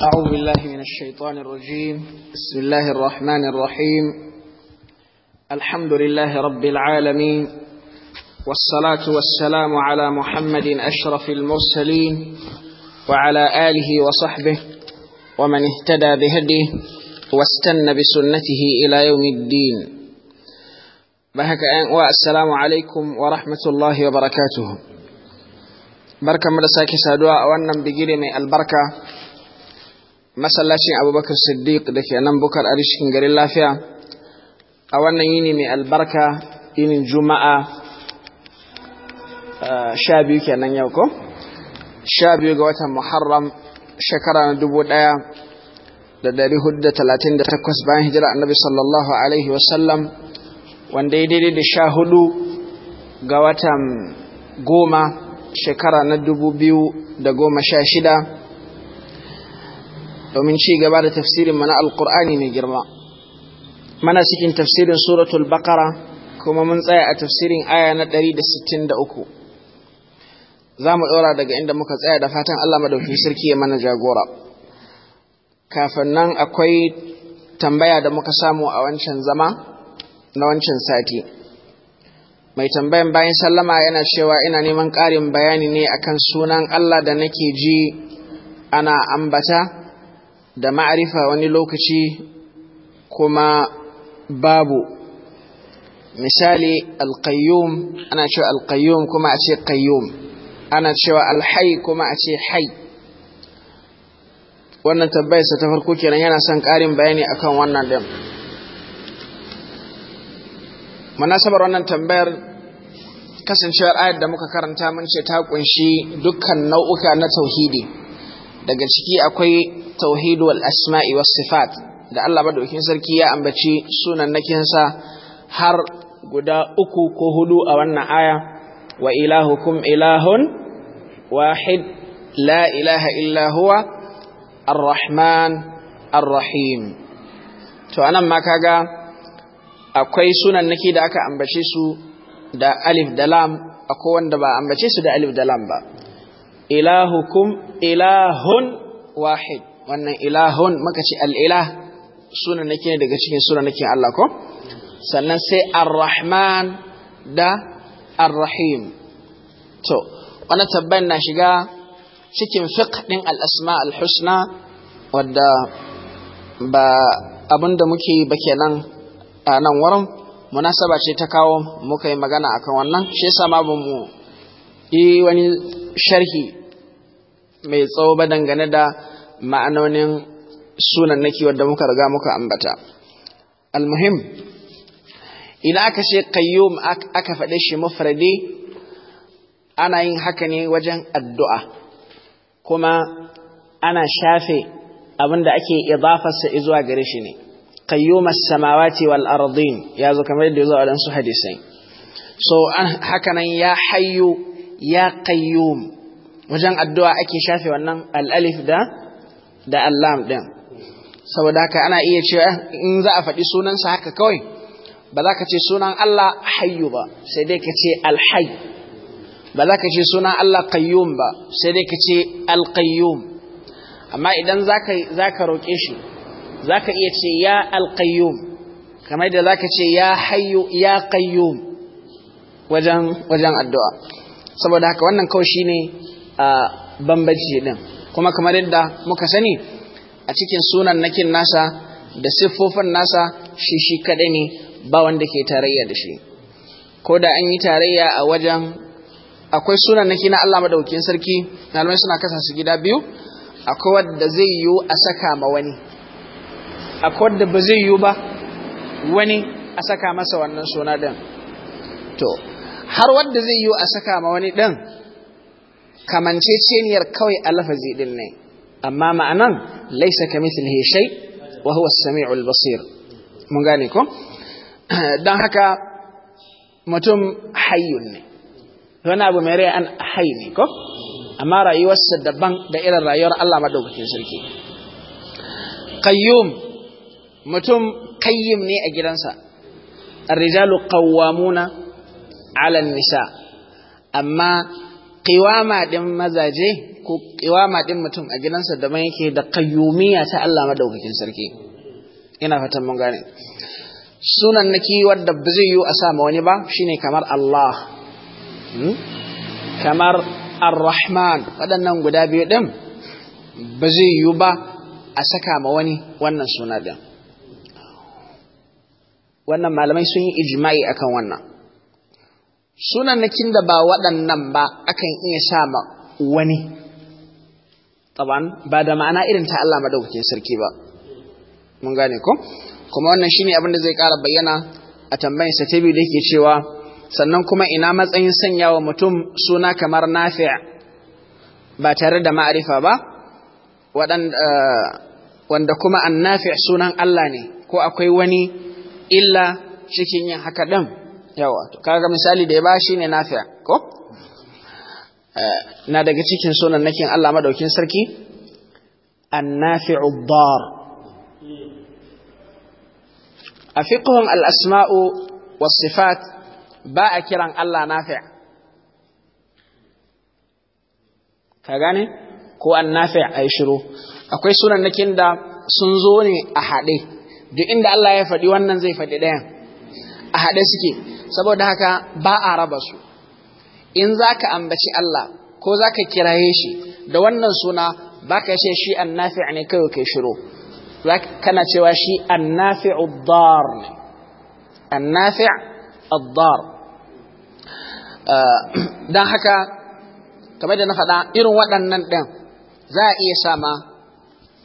أعوذ بالله من الشيطان الرجيم بسم الله الرحمن الرحيم الحمد لله رب العالمين والصلاة والسلام على محمد أشرف المرسلين وعلى آله وصحبه ومن اهتدى بهديه واستنى بسنته إلى يوم الدين بهك والسلام عليكم ورحمة الله وبركاته بركة مدساكي سادوا وأنم بجيري البركة masallacin abubakar siddiq da ke nan bukar a cikin garin lafiya a wannan yini mai albarka yinin juma'a uh, sha biyu ke nan yau ko sha biyu ga watan muharram shekara na dubu ɗaya da dari hudu da talatin da takwas bayan hijira annabi sallallahu alaihi wasallam wanda ya daidai da sha hudu ga watan goma shekara na dubu biyu da goma sha shida domin ci gaba da tafsirin mana alkur'ani mai girma mana cikin tafsirin suratul baqara kuma mun tsaya a tafsirin aya na 163 za mu ɗora daga inda muka tsaya da fatan allah madauki sarki ya mana jagora kafin nan akwai tambaya da muka samu a wancan zama na wancan sati mai tambayan bayan sallama yana cewa ina neman ƙarin bayani ne akan sunan Allah da nake ji ana ambata da ma'arifa wani lokaci kuma babu misali alqayyum ana cewa alqayyum kuma a ce ƙayyum. ana cewa alhai kuma a ce hai wannan tabbayarsa ta farko kenan yana son ƙarin bayani akan wannan din munasabar wannan tambayar kasancewar ayat da muka karanta mun ce ta kunshi dukkan nau'uka na tauhidi daga ciki akwai Tauhidu wal asma'i was sifat da Allah madaukakin sarki ya ambaci sunan nakinsa har guda uku ko hudu a wannan aya wa ilahukum ilahun wahid la ilaha illa huwa ar-rahman ar to anan ma kaga akwai sunan naki da aka ambace su da alif da lam akwai wanda ba ambace su da alif da lam ba ilahukum ilahun wahid wannan ilahun maka ce al'ilah suna nake ne daga cikin suna nake Allah ko sannan sai ar-rahman da ar-rahim to wani tabbayin na shiga cikin fiqhin alasma al-asma al-husna wadda ba abin da muke ba kenan a nan wurin munasaba ce ta kawo muka yi magana akan wannan shi yasa ma ba mu yi wani sharhi mai tsawo ba dangane da ma'anonin sunan naki wadda muka riga muka ambata almuhim idan aka ce qayyum aka faɗe shi mufradi ana yin haka ne wajen addu'a kuma ana shafe abinda ake ake idafarsa zuwa gare shi ne qayyumas samawati wal ardin ya zo kamar yadda ya zo a hadisai so haka nan ya hayyu ya qayyum wajen addu'a ake shafe wannan al'alif da da allam ɗin saboda haka ana iya cewa eh, in za a faɗi sunansa haka kawai ba za ka ce sunan Allah hayyu ba sai dai ka ce alhay ba za ka ce sunan Allah qayyum ba sai dai ka ce alqayyum amma idan za ka roƙe shi za ka iya ce ya alqayyum kamar da za ka ce ya hayyu ya qayyum wajen addu'a saboda haka wannan kawai shi ne a ah, bambanci ɗin kuma kamar yadda muka sani a cikin sunan nakin nasa da siffofin nasa shi shi kaɗai ne ba wanda ke tarayya da shi ko da an yi tarayya a wajen akwai sunan naki na Allah madaukin sarki malamai suna kasa su gida biyu akwai wanda zai yiwu a saka ma wani akwai wanda ba zai yiwu ba wani a saka masa wannan suna din to har wanda zai yiwu a saka ma wani din ceniyar kawai a lafazi ɗin ne amma ma'anan laisa ka mithlihi shay wa huwa samiul basir mun gane ko dan haka mutum hayyun ne wani abu mai rai an hayy ne ko amma rayuwarsa daban da irin rayuwar Allah maɗaukacin sarki qayyum mutum kayyum ne a gidansa ar-rijalu qawwamuna alan nisa amma qiwama din mazaje ko qiwama din mutum a gidansa da man yake da ƙayyumiya ta Allah madaukakin sarki ina fatan mun gane sunan naki wadda ba zai yi a sama wani ba shine kamar Allah hmm? kamar Ar-Rahman waɗannan guda biyu din ba zai yi ba a saka ma wani wannan suna din wannan malamai sun yi ijma'i akan wannan sunannakin da ba waɗannan ba akan iya sa ma wani taban ba da ma'ana irin ta Allah madaukakin sarki ba mun gane ko kuma wannan shine abin da zai ƙara bayyana a tambayin sa ta biyu da yake cewa sannan kuma ina matsayin sanyawa mutum suna kamar nafi' ba tare da ma'arifa ba eh, wanda kuma annafi' sunan Allah ne ko akwai wani illa cikin yin haka ɗin yawa kaga misali da ya ba shi ne nafi'a ko eh, na daga cikin sunan nakin Allah madaukin sarki annafi'ud dar a fiqhun al-asma'u was sifat ba a kiran Allah nafi'a ka gane ko annafi' ay shiru akwai sunan nakin da sun zo ne a haɗe duk inda Allah ya faɗi wannan zai faɗi ɗayan a haɗe suke saboda haka ba a raba su in za ka ambaci Allah ko za ka kiraye shi da wannan suna ba ka ce shi an nafi ne kai kai shiro kana cewa shi an nafi uddar ne an nafi uddar eh, don haka kamar da na faɗa irin waɗannan ɗin za a iya sama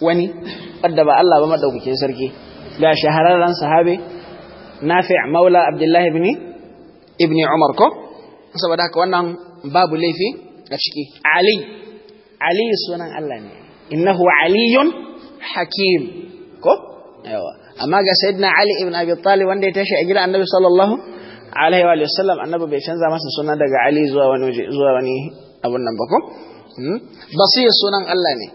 wani wadda ba Allah ba madaukakin sarki ga shahararren sahabi, nafi maula abdullahi bin Ibni Umar ko saboda haka wannan babu laifi a ciki Ali Ali sunan Allah ne innahu aliyun hakim ko yawa amma ga sayyidina Ali ibn Abi Talib wanda ya tashi a gidan Annabi sallallahu alaihi wa sallam Annabi bai canza masa suna daga Ali zuwa wani zuwa wani abun nan ba ko hmm? basir sunan Allah ne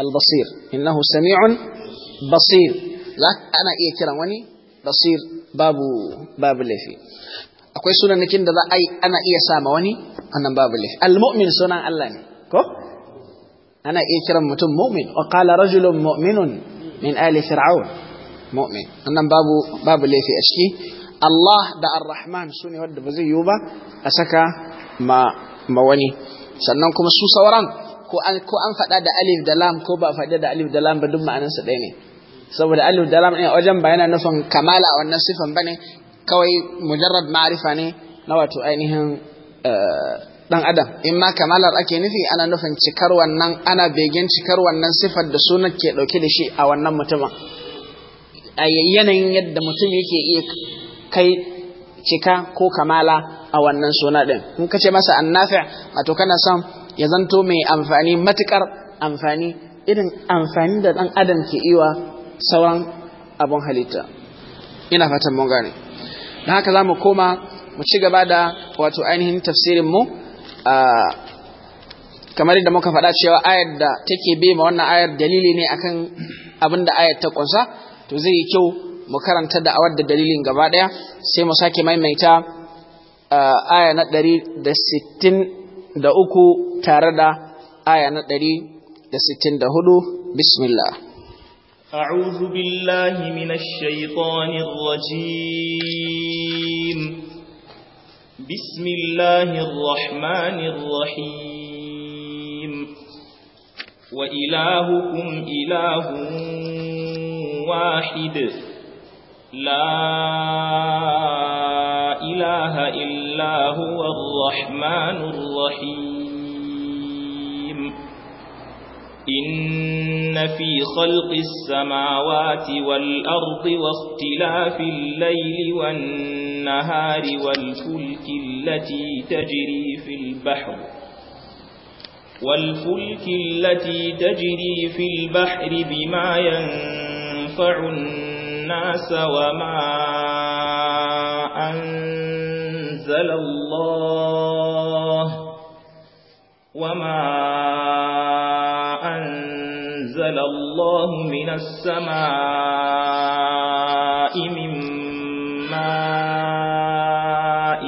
al-basir innahu sami'un basir za ana iya kiran wani basir babu babu laifi akwai sunanakin da za a yi ana iya sa ma wani annan babu laifi almu'min sunan Allah ne ko ana iya kiran mutum mu'min wa qala rajulun mu'minun min ali fir'aun mu'min annan babu babu laifi a ciki Allah da Ar-Rahman sune wanda ba zai yiwu ba a saka ma ma wani sannan kuma su sauran ko an ko an faɗa da alif da lam ko ba faɗa da alif da lam ba duk ma'anarsa ɗaya ne saboda alif da lam a wajen ba yana nufin kamala a wannan sifan bane kawai mujarrad ma'arifa ne na wato ainihin dan eh, adam in ma kamalar ake nufi ana nufin cikar wannan ana begen cikar wannan sifar da sunan ke dauke da shi a wannan mutumin a yanayin yadda mutum yake iya kai cika ko kamala a wannan suna ɗin in ka ce masa annafi wato kana son ya zanto mai amfani matukar amfani irin amfani da ɗan adam ke iya sauran abun halitta ina fatan mun gane don haka za mu koma mu ci gaba da wato ainihin tafsirinmu kamar yadda muka faɗa cewa ayar da take bai ma wannan ayar dalili ne akan abin da ayar ta ƙunsa to zai yi kyau mu karanta da awar da dalilin gaba ɗaya sai mu sake maimaita aya na 163 da sittin da tare da aya na 164 bismillah أعوذ بالله من الشيطان الرجيم بسم الله الرحمن الرحيم وإلهكم إله واحد لا إله إلا هو الرحمن الرحيم إن في خلق السماوات والأرض واختلاف الليل والنهار والفلك التي تجري في البحر والفلك التي تجري في البحر بما ينفع الناس وما أنزل الله وما أنزل الله من السماء من ماء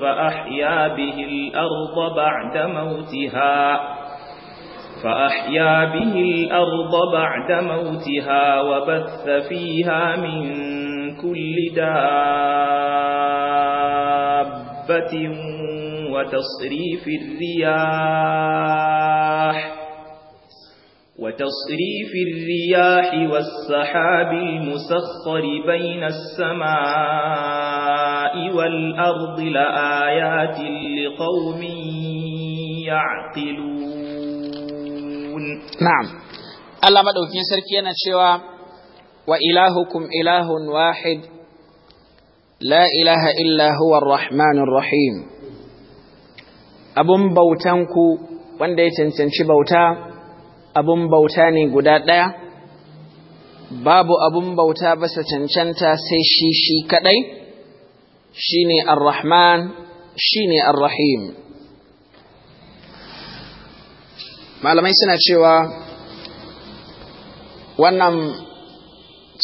فأحيا به الأرض بعد موتها فأحيا به الأرض بعد موتها وبث فيها من كل دابة وتصريف الرياح وتصريف الرياح والسحاب المسخر بين السماء والأرض لآيات لقوم يعقلون نعم الله مدعوكين سركينا شوى وإلهكم إله واحد لا إله إلا هو الرحمن الرحيم أبن بوتانكو وان ديتن تنشي بوتانكو abun bauta ne guda ɗaya babu abun bauta basa cancanta sai shi shi kaɗai shi ne ar-rahman shi ne ar-rahim malamai suna cewa wannan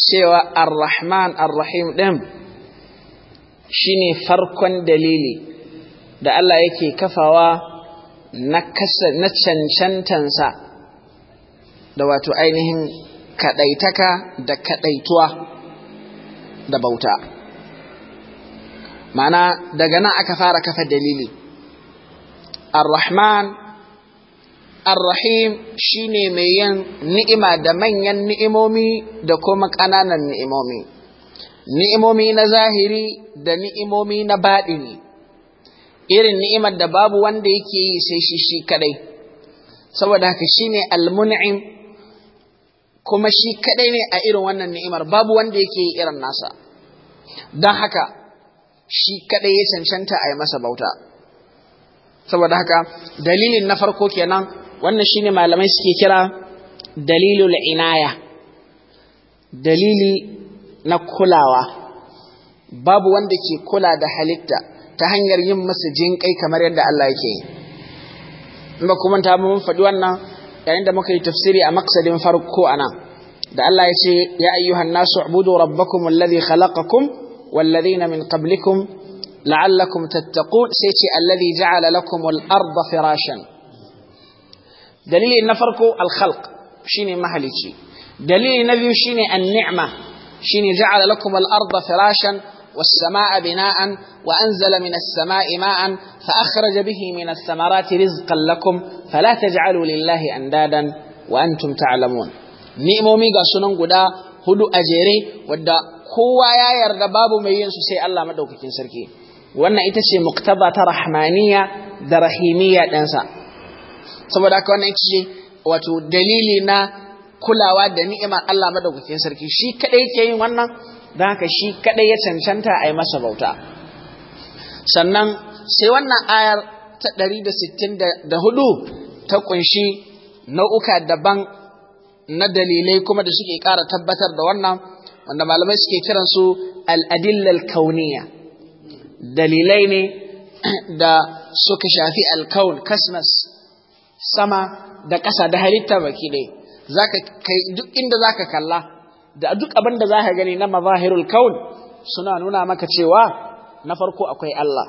cewa ar-rahman ar-rahim ɗin shi ne farkon dalili da Allah yake kafawa na cancantansa da wato ainihin kadaitaka da kadaituwa da bauta mana daga nan aka fara kafa dalili ar-rahman ar-rahim shine mai yin ni'ima da manyan ni'imomi da kuma kananan ni'imomi ni'imomi na zahiri da ni'imomi na baɗini irin ni'imar da babu wanda yake yi sai shi shi kadai saboda haka shine al-mun'im kuma shi kaɗai ne a irin wannan ni'imar babu wanda yake yi irin nasa don haka shi kaɗai ya cancanta a yi masa bauta saboda haka dalilin na farko kenan wannan shi ne malamai suke kira dalilul inaya dalili na kulawa babu wanda ke kula da halitta ta hanyar yin masa jinƙai kamar yadda Allah yake yi ba kuma ta mun faɗi wannan yayin da muka yi tafsiri a maksadin farko nan da Allah ya ce ya ayyuhan nasu ubudu rabbakum alladhi khalaqakum walladhina min qablikum la'allakum tattaqun sai ce alladhi ja'ala lakum al-ardha firashan dalili na farko al-khalq shine mahalici dalili na biyu shine an-ni'ma shine ja'ala lakum al-ardha firashan والسماء بناء وأنزل من السماء ماء فأخرج به من الثمرات رزقا لكم فلا تجعلوا لله أندادا وأنتم تعلمون نئمومي قاسنون قدا هدو أجيري ودا kowa ya yarda babu mai yin su sai Allah madaukakin sarki wannan ita ce muktaba ta rahmaniya da rahimiyya ɗansa saboda haka wannan ita ce wato dalili na kulawa da ni'imar Allah madaukakin sarki shi kadai ke yin wannan Zaka haka shi kaɗai ya cancanta a yi masa bauta sannan sai wannan ayar ta 164 ta kunshi nau'uka daban na dalilai kuma da suke kara tabbatar da wannan wanda malamai suke kiransu al'adillal kauniya dalilai ne da suka shafi alkaun kasmas sama da ƙasa da halitta baki ɗaya duk inda zaka kalla da duk abin da za ka gani na mazahirul kaun suna nuna maka cewa na farko akwai Allah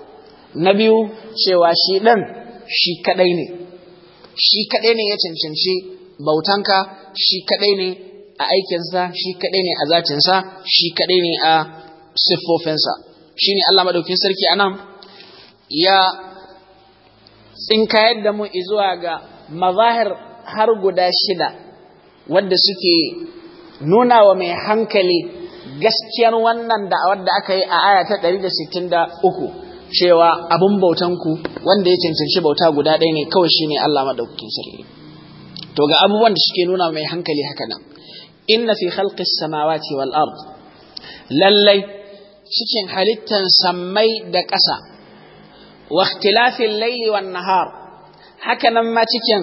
na biyu cewa shi ɗan shi kaɗai ne shi kaɗai ne ya cancanci bautanka shi kaɗai ne a aikinsa shi kaɗai ne a zatinsa shi kaɗai ne a siffofinsa shi ne Allah maɗaukin sarki anan? nan ya tsinkayar da mu izuwa ga mazahir har guda shida wanda suke nuna wa mai hankali gaskiyar wannan da'awar da aka yi a aya ta 163 cewa abin bautanku wanda ya cancanci bauta guda ɗaya ne kawai shi ne Allah madaukakin sarki to ga abubuwan da suke nuna mai hankali haka nan inna fi khalqis samawati wal ard lallai cikin halittar sammai da ƙasa wa ikhtilafil laili wan nahar haka nan ma cikin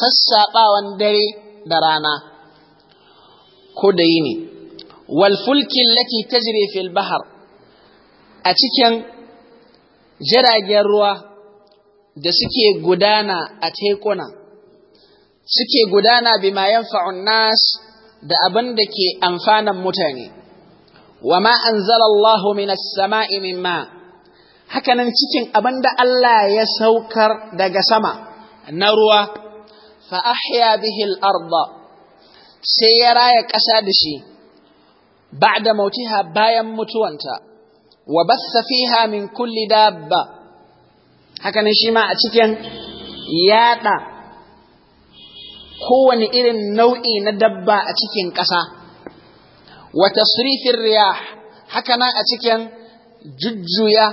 sassaɓawan dare da rana ko da yini wal fulki allati tajri fil bahr a cikin jiragen ruwa da suke gudana a tekuna suke gudana bima yanfa'un nas da abin da ke amfanan mutane wa ma anzalallahu minas sama'i min ma hakanan cikin abin da Allah ya saukar daga sama na ruwa fa ahya bihi al-ardh sai ya raya ƙasa da shi ba'da mautiha bayan mutuwanta wa bassa fiha min kulli dabba haka ne shi ma a cikin yada kowane irin nau'i na dabba a cikin ƙasa wa tasrifin riya haka nan a cikin jujjuya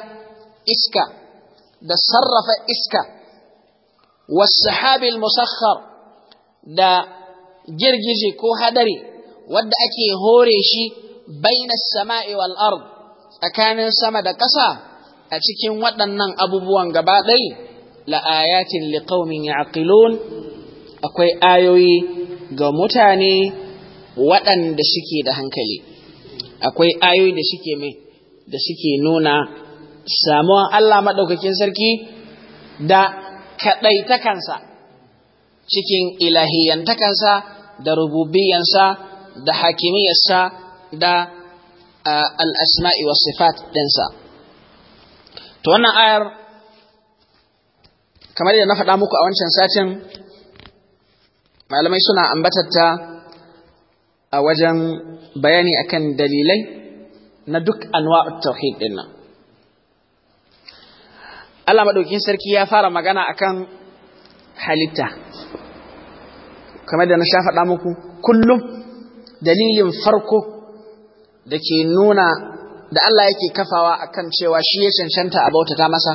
iska da sarrafa iska wasu sahabil musakhar da girgije ko hadari wadda ake hore shi baina sama'i wal ard tsakanin sama da ƙasa a cikin waɗannan abubuwan gaba ɗai la ayatin liqaumin yaqilun akwai ayoyi ga mutane waɗanda suke da hankali akwai ayoyi da suke mai da suke nuna samuwan Allah maɗaukakin sarki da kaɗaitakansa cikin ilahiyantakansa da rububiyansa da hakimiyarsa da al'asma'i wa sifat ɗinsa. To wannan ayar, kamar yadda na faɗa muku a wancan satin, malamai suna ta a wajen bayani akan dalilai na duk anwa'ut tauhid ɗin nan. Allah maɗaukin sarki ya fara magana akan halitta. kamar da na sha faɗa muku kullum dalilin farko da ke nuna da Allah yake kafawa akan cewa shi ya cancanta a bautata masa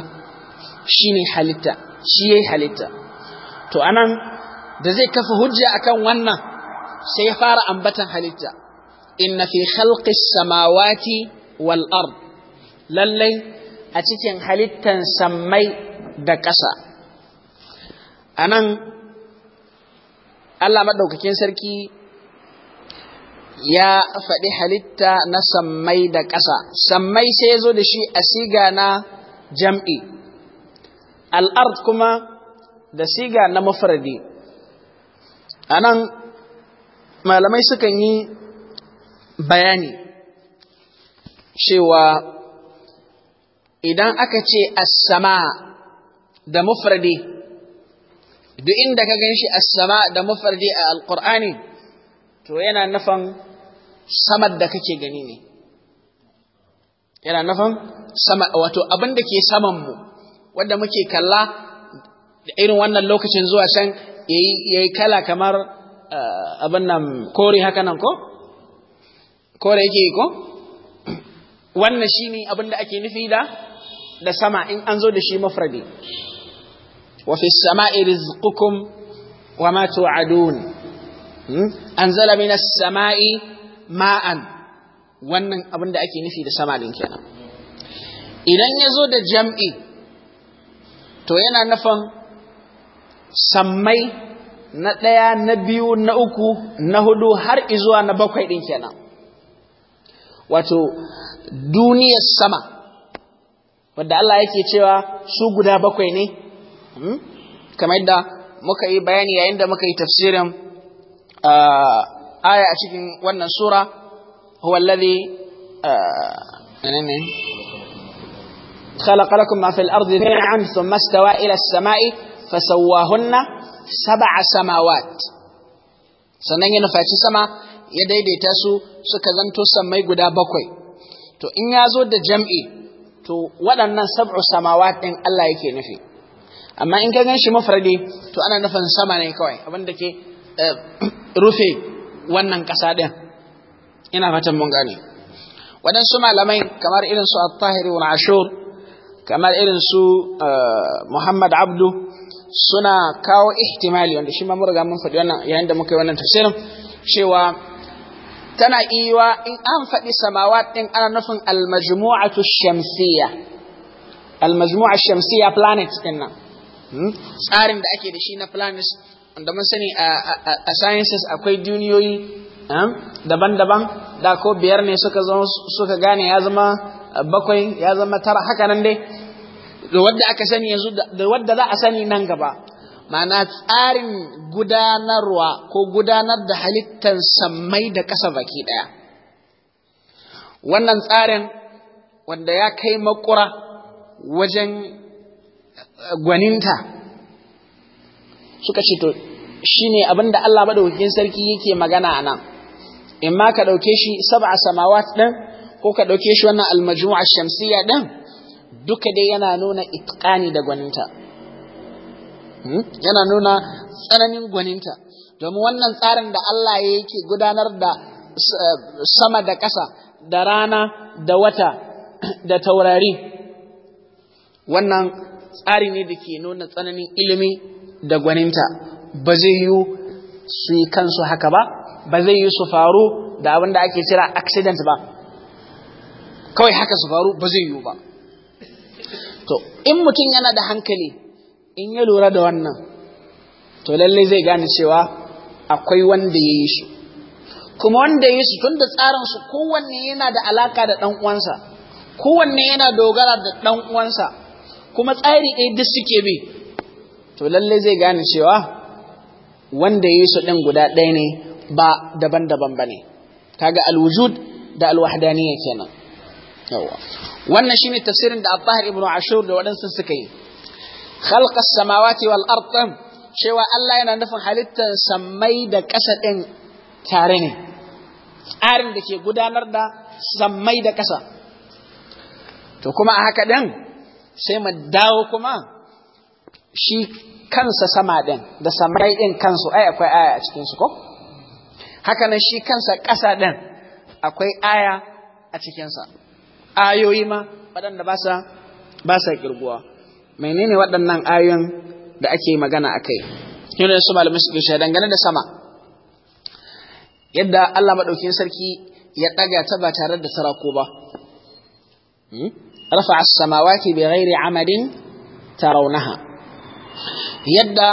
shi ne halitta shi ya halitta to anan da zai kafa hujja a kan wannan sai ya fara ambatan halitta inna fi khalqi samawati wal ard lallai a cikin halittan sammai da ƙasa anan Allah maɗaukakin sarki ya faɗi halitta na sammai da ƙasa, sammai sai ya zo da shi a siga na jam'i, al'ard kuma da siga na mafardi. A nan, malamai sukan yi bayani cewa idan aka ce as-sama da mafardi, duk inda ka gan shi as-sama da mufardi a alqur'ani to yana nafan samar da kake gani ne yana nafan sama wato abin da ke saman mu wanda muke kalla da irin wannan lokacin zuwa can yayi kala kamar eh, abin nan kore haka nan ko kore yake ko wannan shine abin da ake nufi da da sama in an zo da shi mafradi وفي السماء رزقكم وما توعدون أنزل من السماء ماء wannan abin da ake nufi da sama din kenan idan ya zo da jam'i to yana nufin sammai na ɗaya na biyu na uku na hudu har izuwa na bakwai ɗin kenan wato duniyar sama wadda Allah yake cewa su guda bakwai ne Hmm? kamar yadda muka yi bayani yayin da muka yi tafsirin aya a cikin wannan sura huwa alladhi ne خلق لكم ما في الأرض جميعا ثم استوى إلى السماء فسواهن sannan ya nufaci sama ya daidaita su suka zanto sammai guda bakwai to in ya zo da jam'i to waɗannan sab'u samawa ɗin Allah yake nufi amma in ka gan shi mafradi to ana nufin sama ne kawai abinda ke eh, rufe wannan ƙasa ɗin ina fatan mun gane waɗansu malamai kamar irin su at-tahiri wal ashur kamar irin su eh, muhammad abdu suna kawo ihtimali wanda shi ma mun riga mun faɗi wannan yayin da muka yi wannan tafsirin cewa tana iya in an faɗi samawat ɗin ana nufin al-majmu'atu shamsiyya al-majmu'a shamsiyya planet ɗin nan Hmm? tsarin da ake da shi na planets wanda mun sani a sciences akwai duniyoyi hmm? daban-daban da ko biyar ne suka suka gane ya zama bakwai ya zama tara haka nan dai da wadda aka sani yanzu da wadda za a sani nan gaba ma'ana tsarin gudanarwa ko gudanar da halittar sammai da ƙasa baki ɗaya wannan tsarin wanda ya kai makura wajen gwaninta suka ce to shine abinda Allah madaukakin sarki yake magana a nan, in ma ka ɗauke shi sab'a samawat din ko ka dauke shi wannan almajmu'a a shamsiyya ɗin, duka dai yana nuna itqani da gwaninta hmm? yana nuna tsananin gwaninta domin wannan tsarin da Allah yake gudanar da eh, sama da ƙasa da rana da wata da taurari wannan tsari ne da ke nuna tsananin ilimi da gwaninta ba zai yi su yi kansu haka ba ba zai yi su faru da abin da ake cira accident ba kawai haka su faru ba zai yi ba to in mutum yana da hankali in ya lura da wannan to lalle zai gane cewa akwai wanda ya yi shi kuma wanda ya yi shi tun da tsarinsu kowanne yana da alaka da ɗan uwansa kowanne yana dogara da ɗan uwansa kuma tsari ɗaya duk suke bi to lallai zai gane cewa wanda ya yi su ɗin guda ɗaya ne ba daban-daban ba ne kaga alwujud da ya kenan yawa wannan shine tafsirin da Abbahir ibn Ashur da waɗansu suka yi khalqas samawati wal ard cewa Allah yana nufin halittar sammai da ƙasa ɗin tare ne tsarin da ke gudanar da sammai da ƙasa to kuma a haka ɗin sai mu dawo kuma shi kansa sama ɗin da samurai ɗin kansu ai akwai aya a cikinsu ko? Hakanan shi kansa ƙasa ɗin akwai aya a cikinsa, ayoyi ma waɗanda ba sa girguwa. Menene waɗannan ayoyin da ake magana akai? kai? Yau da su malamai su dushe dangane da sama. Yadda Allah maɗaukin sarki ya ɗaga ta ba tare da sarako ba. Hmm? rafa as-samawati bi ghairi amadin tarawnaha yadda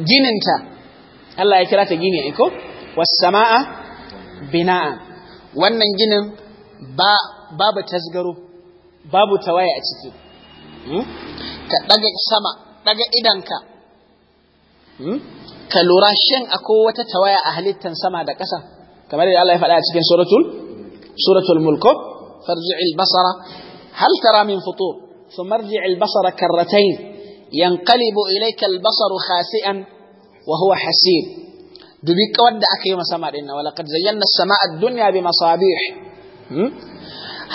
gininta Allah ya kira ta gini aiko was samaa bina'an wannan ginin ba babu tasgaro babu tawaye a ciki ka daga sama daga idanka ka lura shin akwai wata tawaya a halittan sama da ƙasa kamar da Allah ya faɗa a cikin suratul suratul mulk فارجع البصر هل ترى من فطور ثم ارجع البصر كرتين ينقلب إليك البصر خاسئا وهو حسير دبيك ودع كيما سما دينا ولقد زينا السماء الدنيا بمصابيح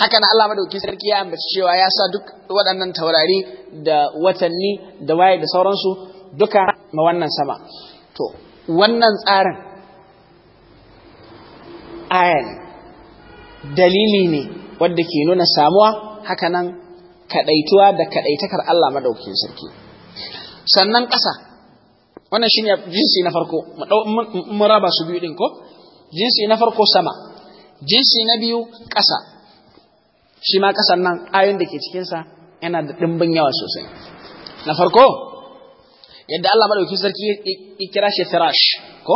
هكذا الله madaukin sarki ya ambaci cewa ya sa duk waɗannan taurari da watanni da waye da sauransu duka ma wannan sama to wannan tsarin dalili ne wadda ke nuna samuwa haka nan kaɗaituwa da kaɗaitakar Allah madaukakin sarki sannan ƙasa wannan shine jinsi na farko mu raba su biyu din ko jinsi na farko sama jinsi na biyu ƙasa shi ma ƙasan nan ayon da ke cikinsa yana da ɗimbin yawa sosai na farko yadda Allah madaukakin sarki ya kira shi firash ko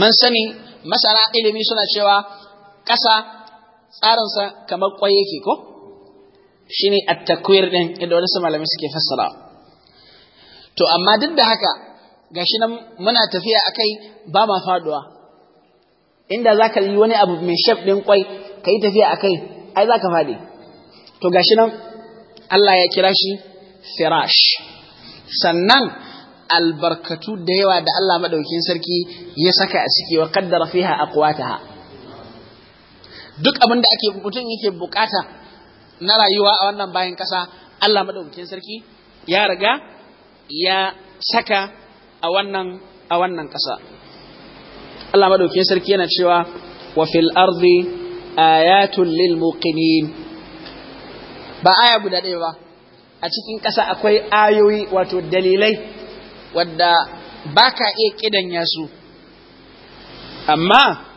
Man sani masana ilimi suna cewa ƙasa tsarinsa kamar kwai yake ko shine at-takwir din inda wani malamai suke fassara to amma duk da haka gashi nan muna tafiya akai ba ma faduwa inda zaka yi wani abu mai shaf din kwai kai tafiya akai ai zaka fadi to gashi nan Allah ya kira shi firash sannan albarkatu da yawa da Allah madaukin sarki ya saka a ciki wa kaddara fiha aqwataha duk abin da ake mutum yake bukata na rayuwa a wannan bayan kasa Allah madaukakin sarki ya riga ya saka a wannan a wannan kasa Allah madaukakin sarki yana cewa wa fil ardi ayatul lil muqinin ba aya guda ɗaya ba a cikin ƙasa akwai ayoyi wato dalilai wadda baka iya ƙidanya su amma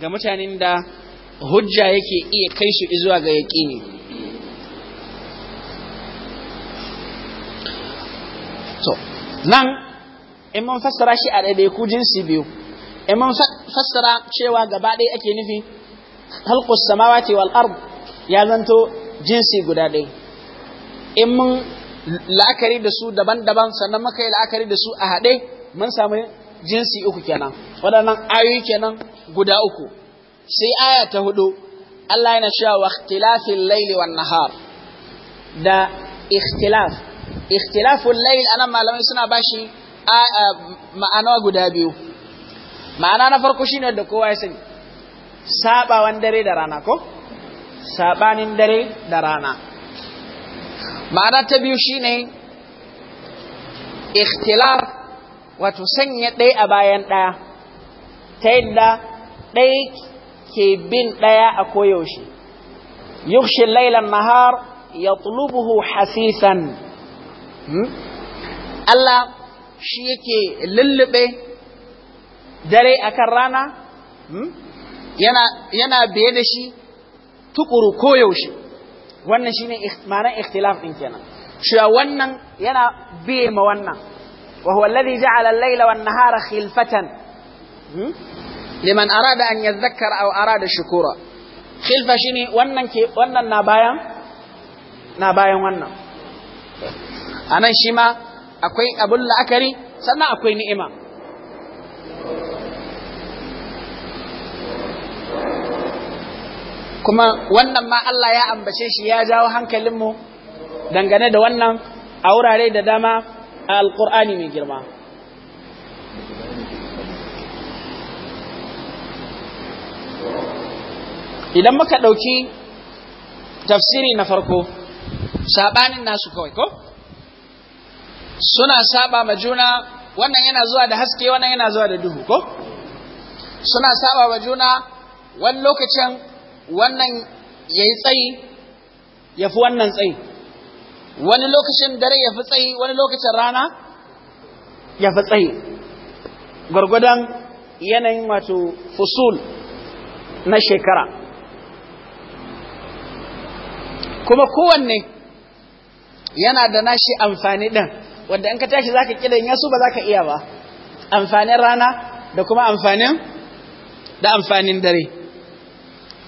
ga mutanen da hujja yake iya kai shi zuwa ga yaƙini so nan in mun fassara shi a ɗaiɗai ku jinsi biyu in mun fassara cewa gaba ɗaya ake nufi halkus samawati wal ard ya zanto jinsi guda ɗaya in mun la'akari da su daban-daban sannan muka yi la'akari da su a haɗe mun samu jinsi uku kenan waɗannan ayoyi kenan guda uku sai aya ta hudu Allah yana cewa wa ikhtilafil layli wan nahar da ikhtilaf ikhtilaful layl ana malamai suna bashi ma'ana guda biyu ma'ana na farko shine da kowa ya sani sabawan dare da rana ko sabanin dare da rana ma'ana ta biyu shine ikhtilaf wato sanya ɗaya a bayan ɗaya ta yadda ɗaya ke bin ɗaya a koyaushe yukshin lailan nahar ya tulubuhu hasisan hmm? Allah shi yake lullube dare akan rana hmm? yana biye da shi tukuru koyaushe wannan shine ma'anar ikhtilaf din kenan cewa wannan yana biye ma wannan wa huwa alladhi ja'ala al-laila wan nahara khilfatan hmm? liman arada an yadhakkar aw arada shukura khilfa shine wannan ke wannan na bayan na bayan wannan anan shi ma akwai abun la'akari sannan akwai ni'ima kuma wannan ma Allah ya ambace shi ya jawo hankalinmu dangane da wannan a wurare da dama a alƙur'ani mai girma idan muka ɗauki tafsiri na farko saɓanin nasu kawai ko suna saba ma juna wannan yana zuwa da haske wannan yana zuwa da duhu ko suna saba ma juna wani lokacin wannan ya yi tsayi ya fi wannan tsayi wani lokacin dare ya fi tsayi wani lokacin rana ya fi tsayi gwargwadon yanayin wato fusul na shekara kuma kowanne yana da nashi amfani ɗin wanda in ka tashi za ka ƙidan yasu ba za ka iya ba amfanin rana da kuma amfanin da amfanin dare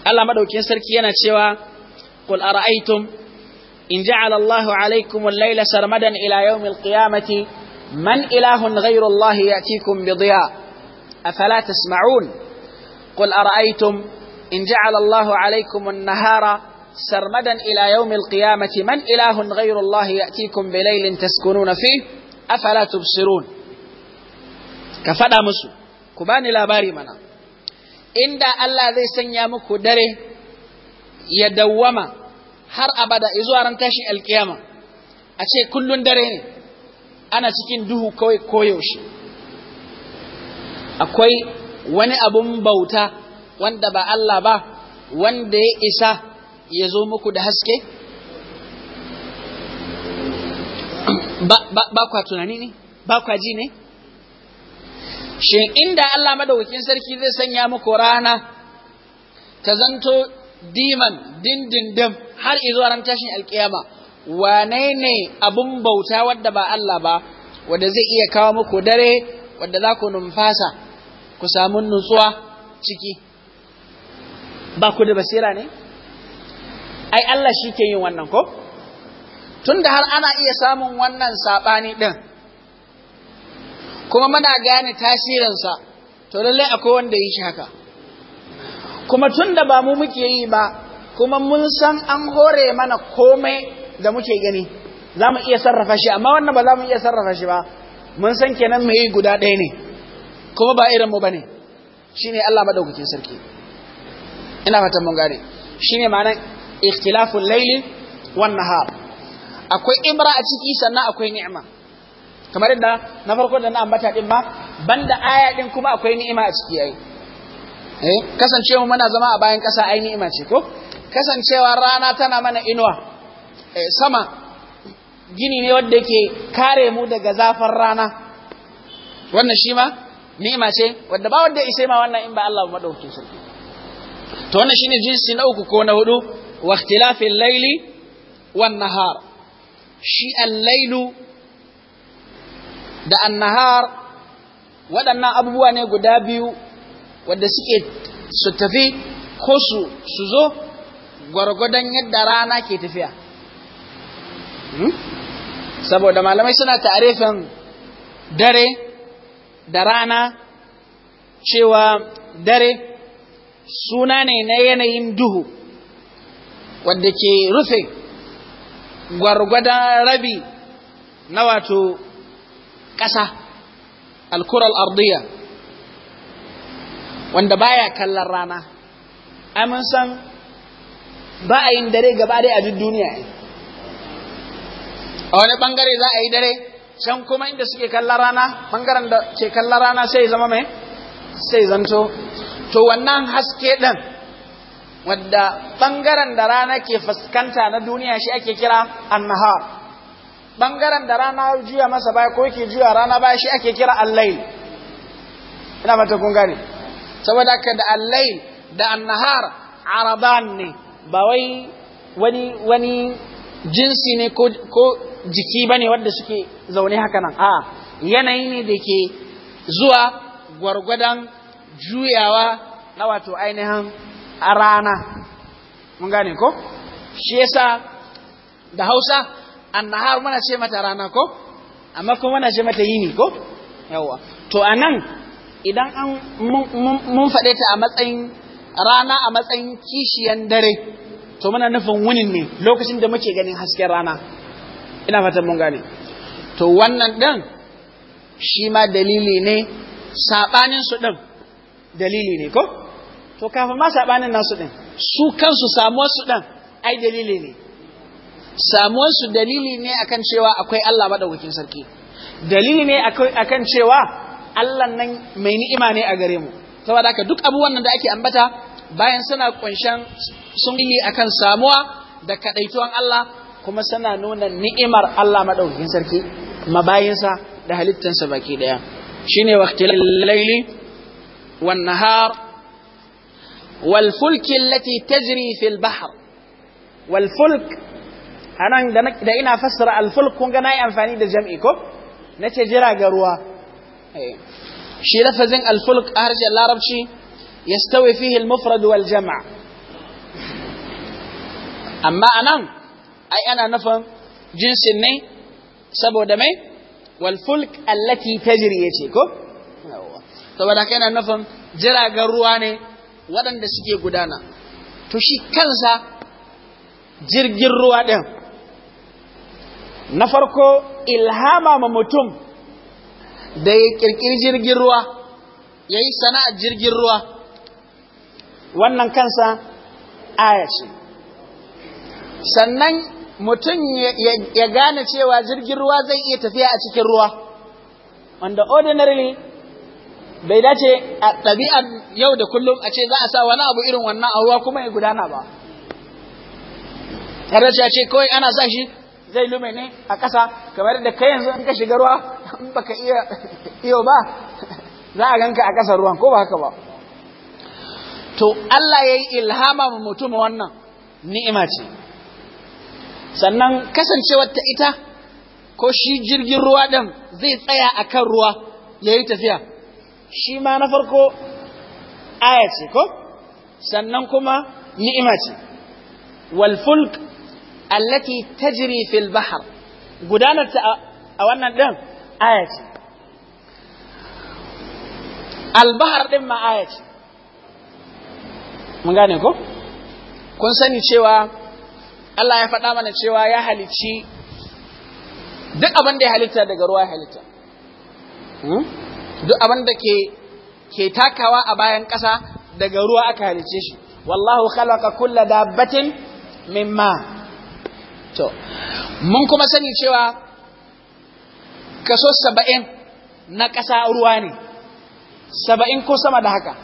Allah maɗaukin sarki yana cewa قل أرأيتم إن جعل الله عليكم الليل سرمدا إلى يوم القيامة من إله غير الله يأتيكم بضياء أفلا تسمعون قل أرأيتم إن جعل الله عليكم النهار سرمدا إلى يوم القيامة من إله غير الله يأتيكم بليل تسكنون فيه أفلا تبصرون كفدا مسو كباني لا باري منا إن دا الله ذي muku dare دري يدوما har abada izuwa ran tashin alkiyama a ce kullun dare ne ana cikin duhu kawai koyaushe akwai wani abun bauta wanda ba Allah ba wanda ya isa ya zo muku da haske ba kwa tunani ne ba kwa ji ne shin inda Allah madawakin sarki zai sanya muku rana ta zanto diman dindindin har izuwa ran tashin alkiyama wane ne abun bauta wadda ba Allah ba wadda zai iya kawo muku dare wadda za ku numfasa ku samu nutsuwa ciki ba ku da basira ne ai Allah shi ke yin wannan ko tunda har ana iya samun wannan saɓani ɗin kuma muna gane tasirinsa to lallai akwai wanda ya shi haka kuma tunda ba mu muke yi ba kuma mun san an hore mana komai da muke gani za mu iya sarrafa shi amma wannan ba za mu iya sarrafa shi ba mun san kenan mu yi guda ɗaya ne kuma ba mu ba ne shi ne Allah maɗaukakin sarki ina fatan mun gane shi ne ma'anar ikhtilaful laili wan nahar akwai imra a ciki sannan akwai ni'ima kamar yadda na farko da na ambata din ma banda aya din kuma akwai ni'ima a ciki yayi eh kasancewa muna zama a bayan kasa ai ni'ima ce ko kasancewa rana tana mana inuwa eh sama gini ne wanda yake kare mu daga zafin rana wannan shi ma ni'ima ce wanda ba wanda isai ma wannan in ba Allah madaukakin sarki to wannan shine jinsi na uku ko na hudu wa ikhtilafil laili nahar Shi'an lailu da an-nahar waɗannan abubuwa ne guda biyu wanda suke su tafi ko su su zo gwargwadon yadda rana ke tafiya saboda malamai suna tarifin dare da rana cewa dare suna ne na yanayin duhu wadda ke rufe gwargwadon rabi na wato ƙasa alkural ardiya wanda baya kallon rana amin san ba a yin dare gaba dai a duk duniya a wani bangare za a yi dare can kuma inda suke kallon rana bangaren da ke kallon rana sai zama mai sai zanto to wannan haske ɗin wadda ɓangaren da rana ke fuskanta na duniya shi ake kira annahar ɓangaren da rana juya masa baya ko ke juya rana baya shi ake kira allail ina mata kun gane saboda ka da allail da annahar araban ne ba wai wani wani jinsi ne ko jiki ba ne wadda suke zaune haka nan a yanayi ne da ke zuwa gwargwadon juyawa na wato ainihin a rana mun gane ko shi yasa da hausa annahar muna ce mata rana ko amma kuma muna ce mata yini ko yawa to anan idan an mun faɗe ta a matsayin rana a matsayin kishiyan dare to muna nufin wunin ne lokacin da muke ganin hasken rana ina fatan mun gane to wannan ɗin shi ma dalili ne saɓanin su ɗin dalili ne ko to kafin ma saɓanin nasu ɗin su kansu samuwarsu ɗin ai dalili ne samuwarsu dalili ne akan cewa akwai Allah maɗaukakin sarki dalili ne akan cewa Allah nan mai ni'ima ne a gare mu saboda haka duk abubuwan da ake ambata bayan suna kunshan sun yi akan samuwa da kaɗaituwan Allah kuma suna nuna ni'imar Allah maɗaukakin sarki mabayinsa da halittansa baki ɗaya shine waqtil layli wan nahar والفلك التي تجري في البحر والفلك anan da ina fassara alfulk kun ga nayi amfani da jam'i ko nace jiragen ruwa shi lafazin alfulk a harshen larabci yastawi fihi almufrad wal jama' amma anan ai ana nufin jinsin ne saboda mai wal fulk allati tajri yace ko saboda kai ana nufin jiragen ruwa ne waɗanda suke gudana to shi kansa jirgin ruwa ɗin na farko ilhama ma mutum da ya ƙirƙiri jirgin ruwa ya yi sana'ar jirgin ruwa wannan kansa aya ce sannan mutum ya gane cewa jirgin ruwa zai iya tafiya a cikin ruwa wanda ordinarily bai dace a ɗabi'ar yau da kullum a ce za a sa wani abu irin wannan a ruwa kuma ya gudana ba har ya ce kawai ana sa shi zai lume ne a ƙasa kamar da kai yanzu in ka shiga ruwa in ka iya ba za a ganka a ƙasa ruwan ko ba haka ba to Allah ya yi ilhama mutum wannan ni'ima ce sannan kasance wata ita ko shi jirgin ruwa ɗin zai tsaya a kan ruwa ya yi tafiya shi ma na farko aya ce ko sannan kuma ni'ima ce wal fulk allati tajri fil bahr gudanar ta a wannan din aya ce al bahr din ma aya ce mun gane ko kun sani cewa Allah ya faɗa mana cewa ya halicci duk abin da ya halitta daga ruwa ya halitta hmm? duk abin da ke ke takawa a bayan ƙasa daga ruwa aka halice shi wallahu khalaqa kulla dabbatin mimma to mun kuma sani cewa kaso saba'in na ƙasa ruwa ne saba'in ko sama da haka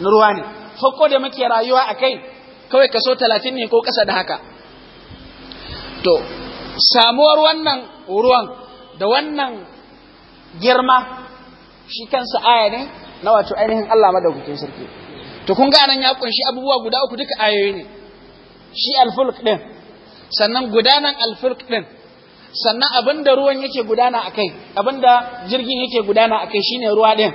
na ruwa ne farko da muke rayuwa a kai kawai kaso talatin ne ko ƙasa da haka to samuwar wannan ruwan da wannan girma shi kansa aya ne na wato ainihin Allah madaukakin sarki to kun ga anan ya kunshi abubuwa guda uku duka ayoyi ne shi al-fulk din sannan gudanan al-fulk din sannan abinda ruwan yake gudana a kai jirgin yake gudana akai shine ruwa ɗin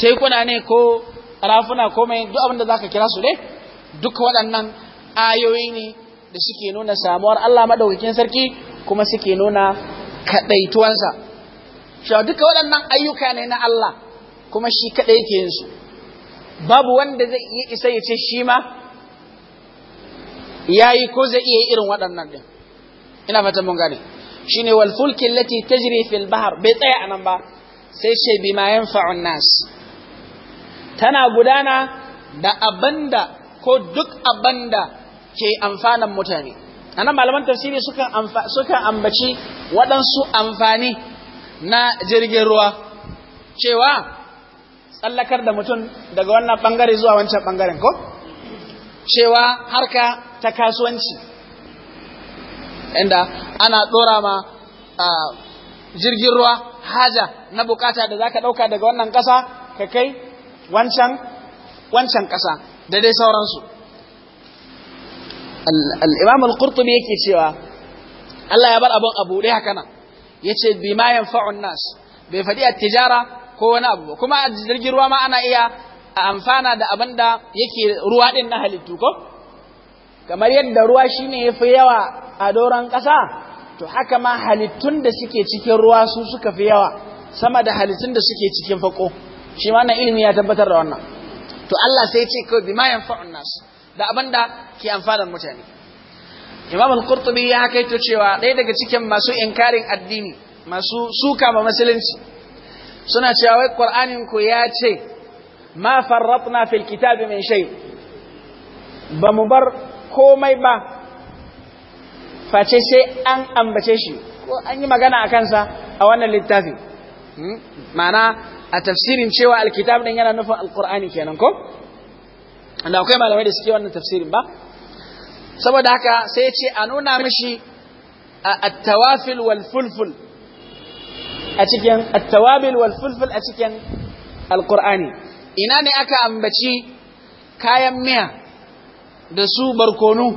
tekuna ne ko rafuna ko mai duk abinda zaka za ka kira su ne duk waɗannan ayoyi ne da suke nuna samuwar Allah maɗaukakin sarki kuma suke nuna kadaituwansa Cewa duka waɗannan ayyuka ne na Allah kuma shi kaɗai yake yin su. Babu wanda zai iya isa ya ce shi ma ya yi ko zai iya irin waɗannan ɗin. Ina fatan mun gane. Shi ne walfulkin lati ta fil bahar bai tsaya a nan ba sai ce yin fa'un nas. Tana gudana da abanda ko duk abanda ke amfanan mutane. A nan malaman tafsiri sukan ambaci waɗansu amfani na jirgin ruwa cewa tsallakar da mutum daga wannan bangare zuwa wancan bangaren ko cewa harka ta kasuwanci inda ana dora ma jirgin ruwa haja na bukata da za ka ɗauka daga wannan ƙasa ka kai wancan wancan kasa da dai sauransu al’imamul imam al yake cewa Allah ya bar abun abu ɗaya haka nan yace ma yanfa'un nas bai faɗi a tijara ko wani abu ba kuma a jirgin ruwa ma ana iya a amfana da abin yake ruwa ɗin na halittu ko kamar yadda ruwa shine yafi yawa a doron kasa to haka ma halittun da suke cikin ruwa su suka fi yawa sama da halittun da suke cikin fako shi ma ilimi ya tabbatar da wannan to Allah sai ya ce bi ma yanfa'un nas da abin da ke amfanar mutane imam al-qurtubi ya kaito cewa ɗaya daga cikin masu inkarin addini masu suka ma musulunci suna cewa wai qur'anin ku ya ce ma farratna fil kitabi min shay ba mu bar komai ba face sai an ambace shi ko an yi magana a kansa a wannan littafin. Hmm? ma'ana a tafsirin cewa alkitab din yana nufin alqur'ani kenan ko da akwai malamai da suke wannan tafsirin ba saboda haka sai ya ce a nuna mishi attawafil wal fulful a cikin attawabil a cikin ina ne aka ambaci kayan miya da su barkonu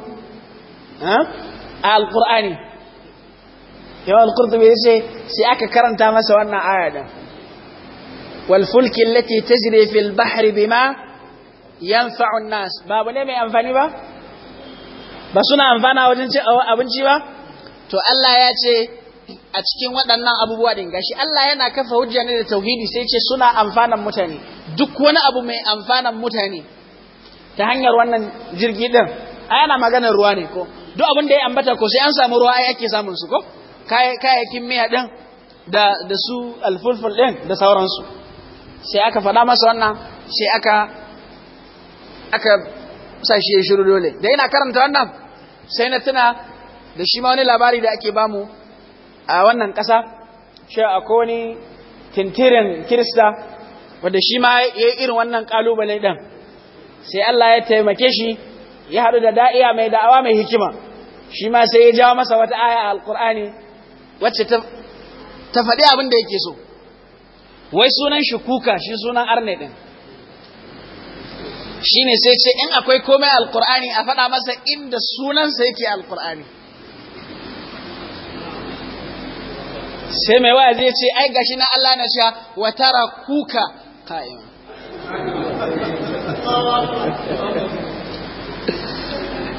a alqur'ani yau alqurtubi yace sai aka karanta masa wannan ayada. walfulkin wal fulki allati tajri bahri bima yanfa'u an-nas babu ne mai amfani ba ba suna amfana wajen ci abinci ba to Allah ya ce a cikin waɗannan abubuwa din gashi Allah yana kafa hujja ne da tauhidi sai ce suna amfanan mutane duk wani abu mai amfanan mutane ta hanyar wannan jirgi din a yana maganar ruwa ne ko duk abin da ya ambata ko sai an samu ruwa ai ake samun su ko kayayyakin miya din da da su alfulful din da sauransu sai aka faɗa masa wannan sai aka aka shiru dole da yana karanta wannan sai na tuna da shi ma wani labari da ake bamu a wannan ƙasa shi akwai wani tintirin kirista wanda shi ma ya yi irin wannan ƙalubale ɗin sai Allah ya taimake shi ya haɗu da da'iya mai da'awa mai hikima shi ma sai ya jawo masa wata aya a alƙur'ani wacce ta faɗi abin da yake so wai sunan shi kuka shi sunan arne ɗin shine sai ce in akwai komai alkur'ani a faɗa masa inda sunansa yake alkur'ani sai mai waya zai ce ai gashi na Allah na sha wa tara kuka ka'im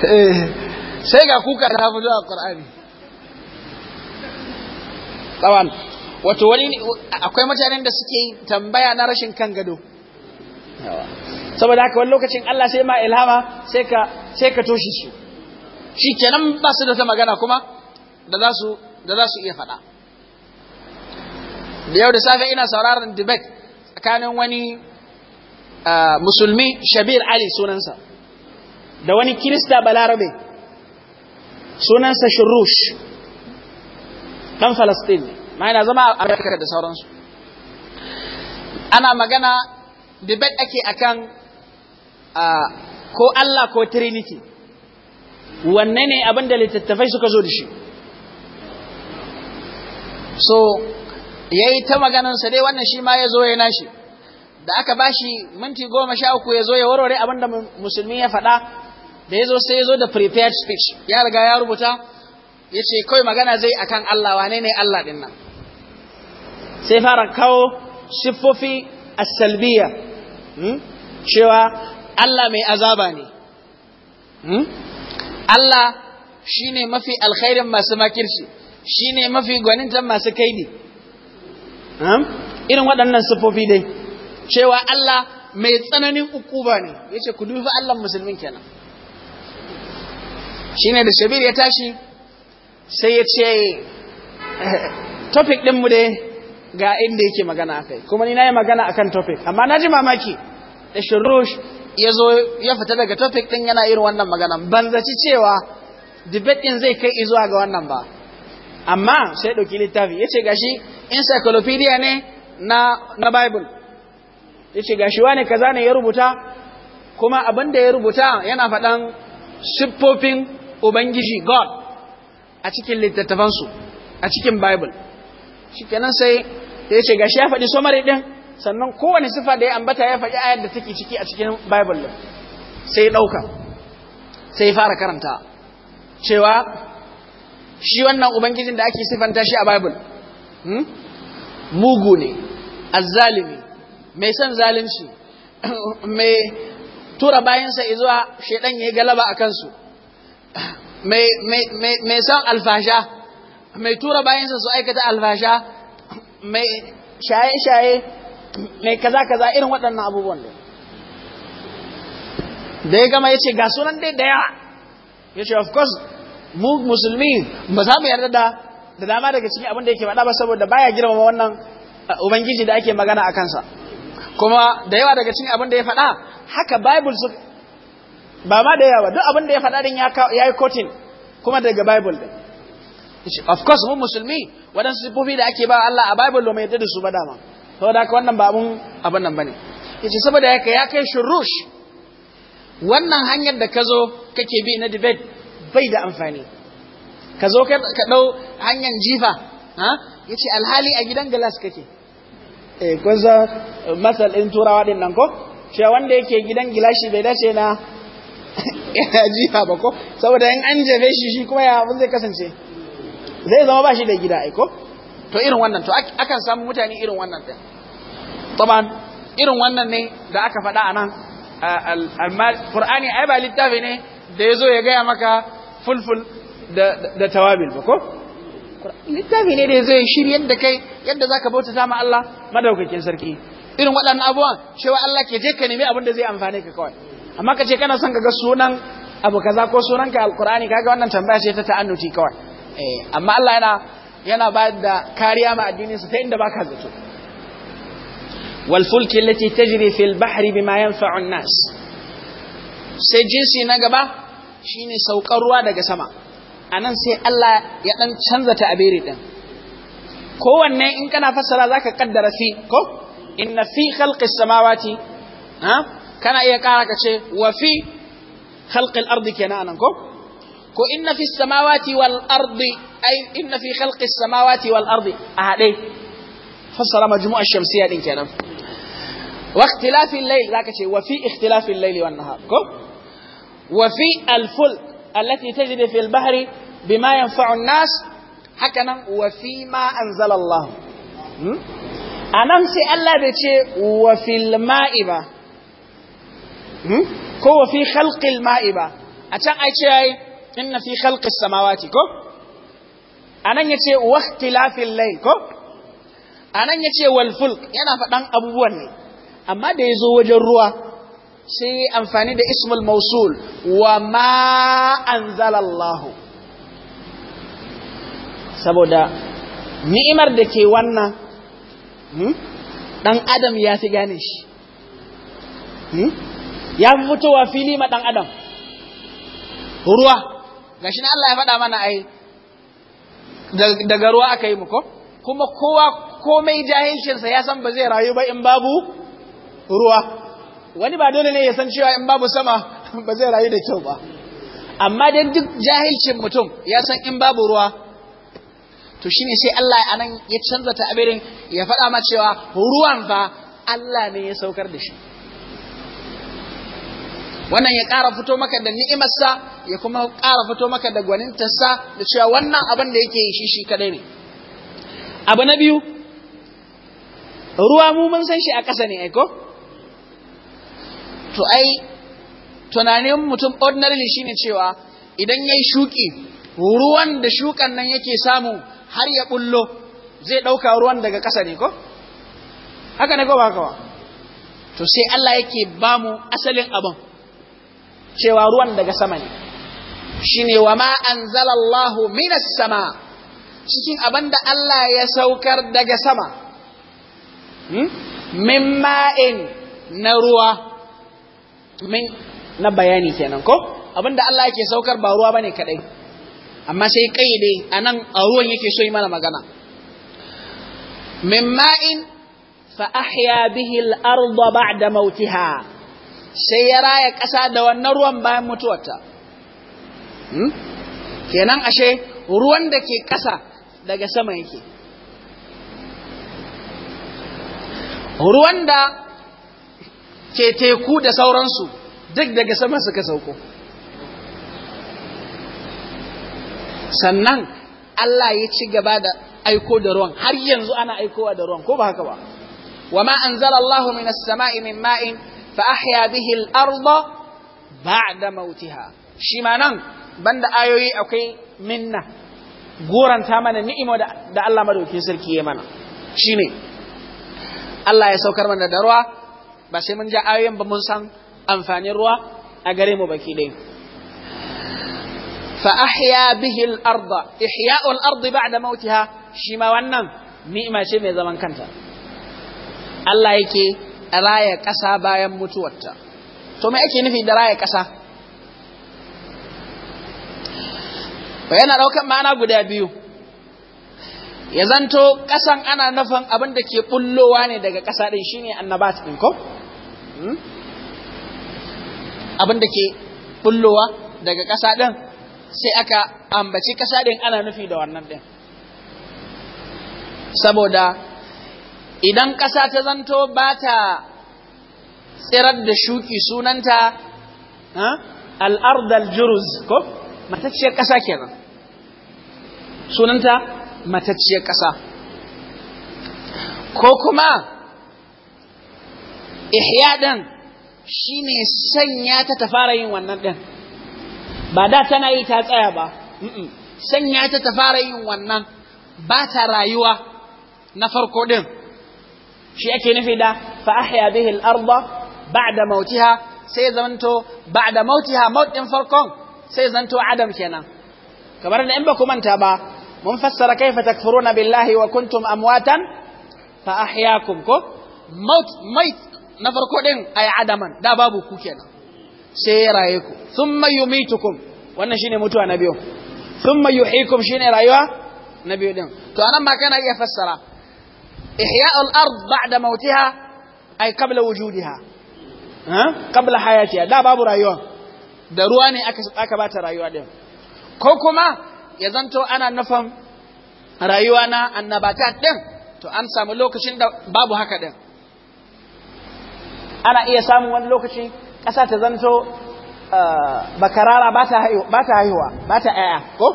eh, sai ga kuka ta fito a Qur'ani tawan wato wani akwai mutanen da suke tambaya na rashin kan gado saboda haka wani lokacin Allah sai ma ilhama sai ka sai ka toshe su shikenan ba su da ta magana kuma da za su da za su iya faɗa da yau da safe ina sauraron debate tsakanin wani musulmi Shabir Ali sunansa da wani Kirista Balarabe sunansa Shurush dan Falastin ma na zama a Amerika da sauransu ana magana debate ake akan ko Allah ko Trinity wanne ne abin da littattafai suka zo da shi so ya yi ta maganarsa, dai wannan shi ma ya zo ya nashi, da aka ba shi minti goma sha uku ya zo ya warware abin da musulmi ya faɗa da ya zo sai ya zo da prepared speech ya riga ya rubuta ya ce kawai magana zai akan Allah wane ne Allah ɗin nan sai fara kawo siffofi asalbiya hmm? cewa Allah mai azaba ne hmm? Allah shi ne mafi alkhairin masu makirci shi ne mafi gwanintan masu kaidi hmm? irin waɗannan sufofi dai cewa Allah mai tsananin ukuba ne ya ce ku dubi Allah musulmin kenan shi ne da shabir ya tashi sai ya ce topic ɗinmu dai ga inda yake magana kai, kuma ni na yi magana a kan topic amma na ji mamaki da shirush yazo ya fita daga topic ɗin yana irin wannan magana ban zaci cewa debate ɗin zai kai zuwa ga wannan ba amma sai ɗauki littafi ya ce gashi encyclopedia ne na na bible ya ce gashi wane kaza ne ya rubuta kuma abin da ya rubuta yana faɗan siffofin ubangiji god a cikin littattafansu a cikin bible shikenan sai ya ce gashi ya faɗi somari ɗin sannan kowane sifa da ya ambata ya faɗi ayar da take ciki a cikin bible din sai ɗauka sai fara karanta cewa shi wannan ubangijin da ake sifanta shi a bible hmm, mugu ne azzalimi mai son zalunci mai tura bayansa izuwa shaidan ya yi galaba a kansu mai son alfasha mai tura bayansa su aikata alfasha mai shaye-shaye mai kaza kaza irin waɗannan abubuwan da da ya gama ya ce ga sunan dai da yawa ya ce of course mu musulmi ba za mu yarda da da dama daga cikin abin da yake faɗa ba saboda baya girmama wannan uh, ubangiji da ake magana a kansa kuma da yawa daga cikin abin da ya faɗa haka bible su ba ma da yawa duk abin da ya faɗa din ya yi kotin kuma daga bible din of course mu musulmi waɗansu sifofi da ake ba Allah a bible ba mai yadda da su ba dama saboda haka wannan ba abun abin nan bane yace saboda haka ya kai shurush wannan hanyar da kazo kake bi na debate bai da amfani ka zo ka dau hanyar jifa ha yace alhali a gidan glass kake eh kun eh, masal turawa din nan ko cewa wanda yake gidan gilashi bai dace na ya jifa ba ko saboda in an jefe shi shi kuma ya abin zai kasance zai zama ba shi da gida ai ko to irin wannan to akan samu mutane irin wannan din taban irin wannan ne da aka faɗa anan Qur'ani ai ba littafi ne da yazo ya gaya maka fulful da da tawabil ba ko littafi ne da yazo ya shiryar da kai yadda zaka bautata ma Allah madaukakin sarki irin waɗannan abubuwan cewa Allah ke je ka nemi abin da zai amfane ka kawai amma ka ce kana son ka ga sunan abu kaza ko sunan ka alqur'ani kaga wannan tambaya ce ta ta'annuti kawai eh amma Allah yana yana ba da kariya ma addinin ta inda baka zato wal fulki allati tajri fil bahri bima yanfa'u an-nas sai jinsi na gaba shine saukar ruwa daga sama anan sai Allah ya dan canza ta ɗin. kowanne in kana fassara ka kaddara fi ko inna fi khalqis samawati ha kana iya kara ka ce wa fi khalqil ardi kenan ko ko inna fi samawati wal ardi ay inna fi khalqi samawati wal ardi a haɗe fassara majmu'a shamsiya din kenan wa ikhtilafil layl zaka ce wa fi ikhtilafil layli wan nahar ko wa fi al fulk allati tajri fil bahri bima yanfa'u an-nas hakanan wa fi ma anzala Allah anan sai Allah bai ce wa fil ma'i ba ko wa fi khalqil ma'i ba a can ai ce inna fi khalqis samawati ko anan yace waqtilafil layl ko anan yace wal fulk yana faɗan abubuwan ne amma da yazo wajen ruwa sai amfani da ismul mausul wa ma anzalallahu saboda ni'imar da ke wannan dan adam ya fi gane shi ya fi fitowa fili ma dan adam ruwa gashi na Allah ya faɗa mana ai daga ruwa aka yi muku. kuma kowa komai jahilcinsa ya san ba zai rayu ba in babu ruwa wani ba dole ne ya san cewa in babu sama ba zai rayu da kyau ba amma dan duk jahilcin mutum ya san in babu ruwa to shine sai Allah anan ya canza ta abirin ya faɗa ma cewa ruwan fa Allah ne ya saukar da shi wannan ya ƙara fito maka da ni'imarsa ya kuma ƙara fito maka da gwanintarsa da cewa wannan abin da yake yi shi shi kadai ne abu na biyu ruwa mu mun san shi a ƙasa ne aiko to ai tunanin mutum ordinarily shine cewa idan yayi shuki ruwan da shukan nan yake samu har ya bullo zai ɗauka ruwan daga ƙasa ne ko haka ne ko ba haka ba to sai Allah yake bamu asalin abin cewa ruwan daga sama ne Shi ne wa ma zalallahu minas sama cikin abinda Allah ya saukar daga sama hmm? min ma'in na ruwa min na bayani kenan ko abinda Allah yake saukar ba ruwa ba ne kadai amma sai kai ne a nan a ruwan yake so yi mana magana min ma'in fa bihil bihi al da mautiha sai ya raya ƙasa da wannan ruwan bayan mutuwarta hmm? kenan ashe ruwan da ke ƙasa daga sama yake ruwan da ke teku da sauransu duk daga sama suka sauko sannan Allah ya ci gaba da aiko da ruwan har yanzu ana aikowa da ruwan ko ba haka ba wa ma zara Allahu minas sama'i min ma'in fa ahya bihi al-arda ba'da shi ma nan banda ayoyi akwai minna goranta mana ni'ima da Allah madaukakin sarki ya mana shine Allah ya saukar mana da ruwa ba sai mun ja ayoyin ba mun san amfanin ruwa a gare mu baki ɗaya fa ahya bihi al-arda ihya'u al-ardi ba'da mautiha shi ma wannan ni'ima ce mai zaman kanta Allah yake raya ƙasa bayan mutuwarta to mai ake nufi da raya ƙasa yana ɗaukar ma'ana guda biyu ya zanto ƙasan ana nufin abin da ke ɓullowa ne daga ƙasa ɗin shine annabat ɗin ko hmm? abin da ke ɓullowa daga ƙasa ɗin sai aka ambaci ƙasa ɗin ana nufi da wannan ɗin saboda idan ƙasa ta zanto ba ta tsirar da shuki sunanta al'ardal juruz ko matacciyar ƙasa kenan sunanta matacciyar ƙasa ko kuma ihyadan shi ne sanya ta ta fara yin wannan ɗin ba da tana yi ta tsaya ba sanya ta ta fara yin wannan ba ta rayuwa na farko ɗin shi ake nufi da fa ahya bihi al-arda ba'da mautiha sai zanto ba'da mautiha maut din farkon sai zanto adam kenan kamar da in ba ku manta ba mun fassara kaifa takfuruna billahi wa kuntum amwatan fa ahyaakum ko maut mait na farko din ay adaman da babu ku kenan sai raye ku thumma yumitukum wannan shine mutuwa thumma shine rayuwa din to anan ma kana iya fassara Ihya الأرض بعد موتها أي قبل وجودها قبل حياتها لا باب رأيوان da ruwa ne aka bata rayuwa ko kuma ya zanto ana nufin rayuwa na annabata ɗin to an samu lokacin da babu haka ɗin ana iya samun wani lokaci ƙasa ta zanto bakarara ba ta haihuwa ba ta ‘ya'ya ko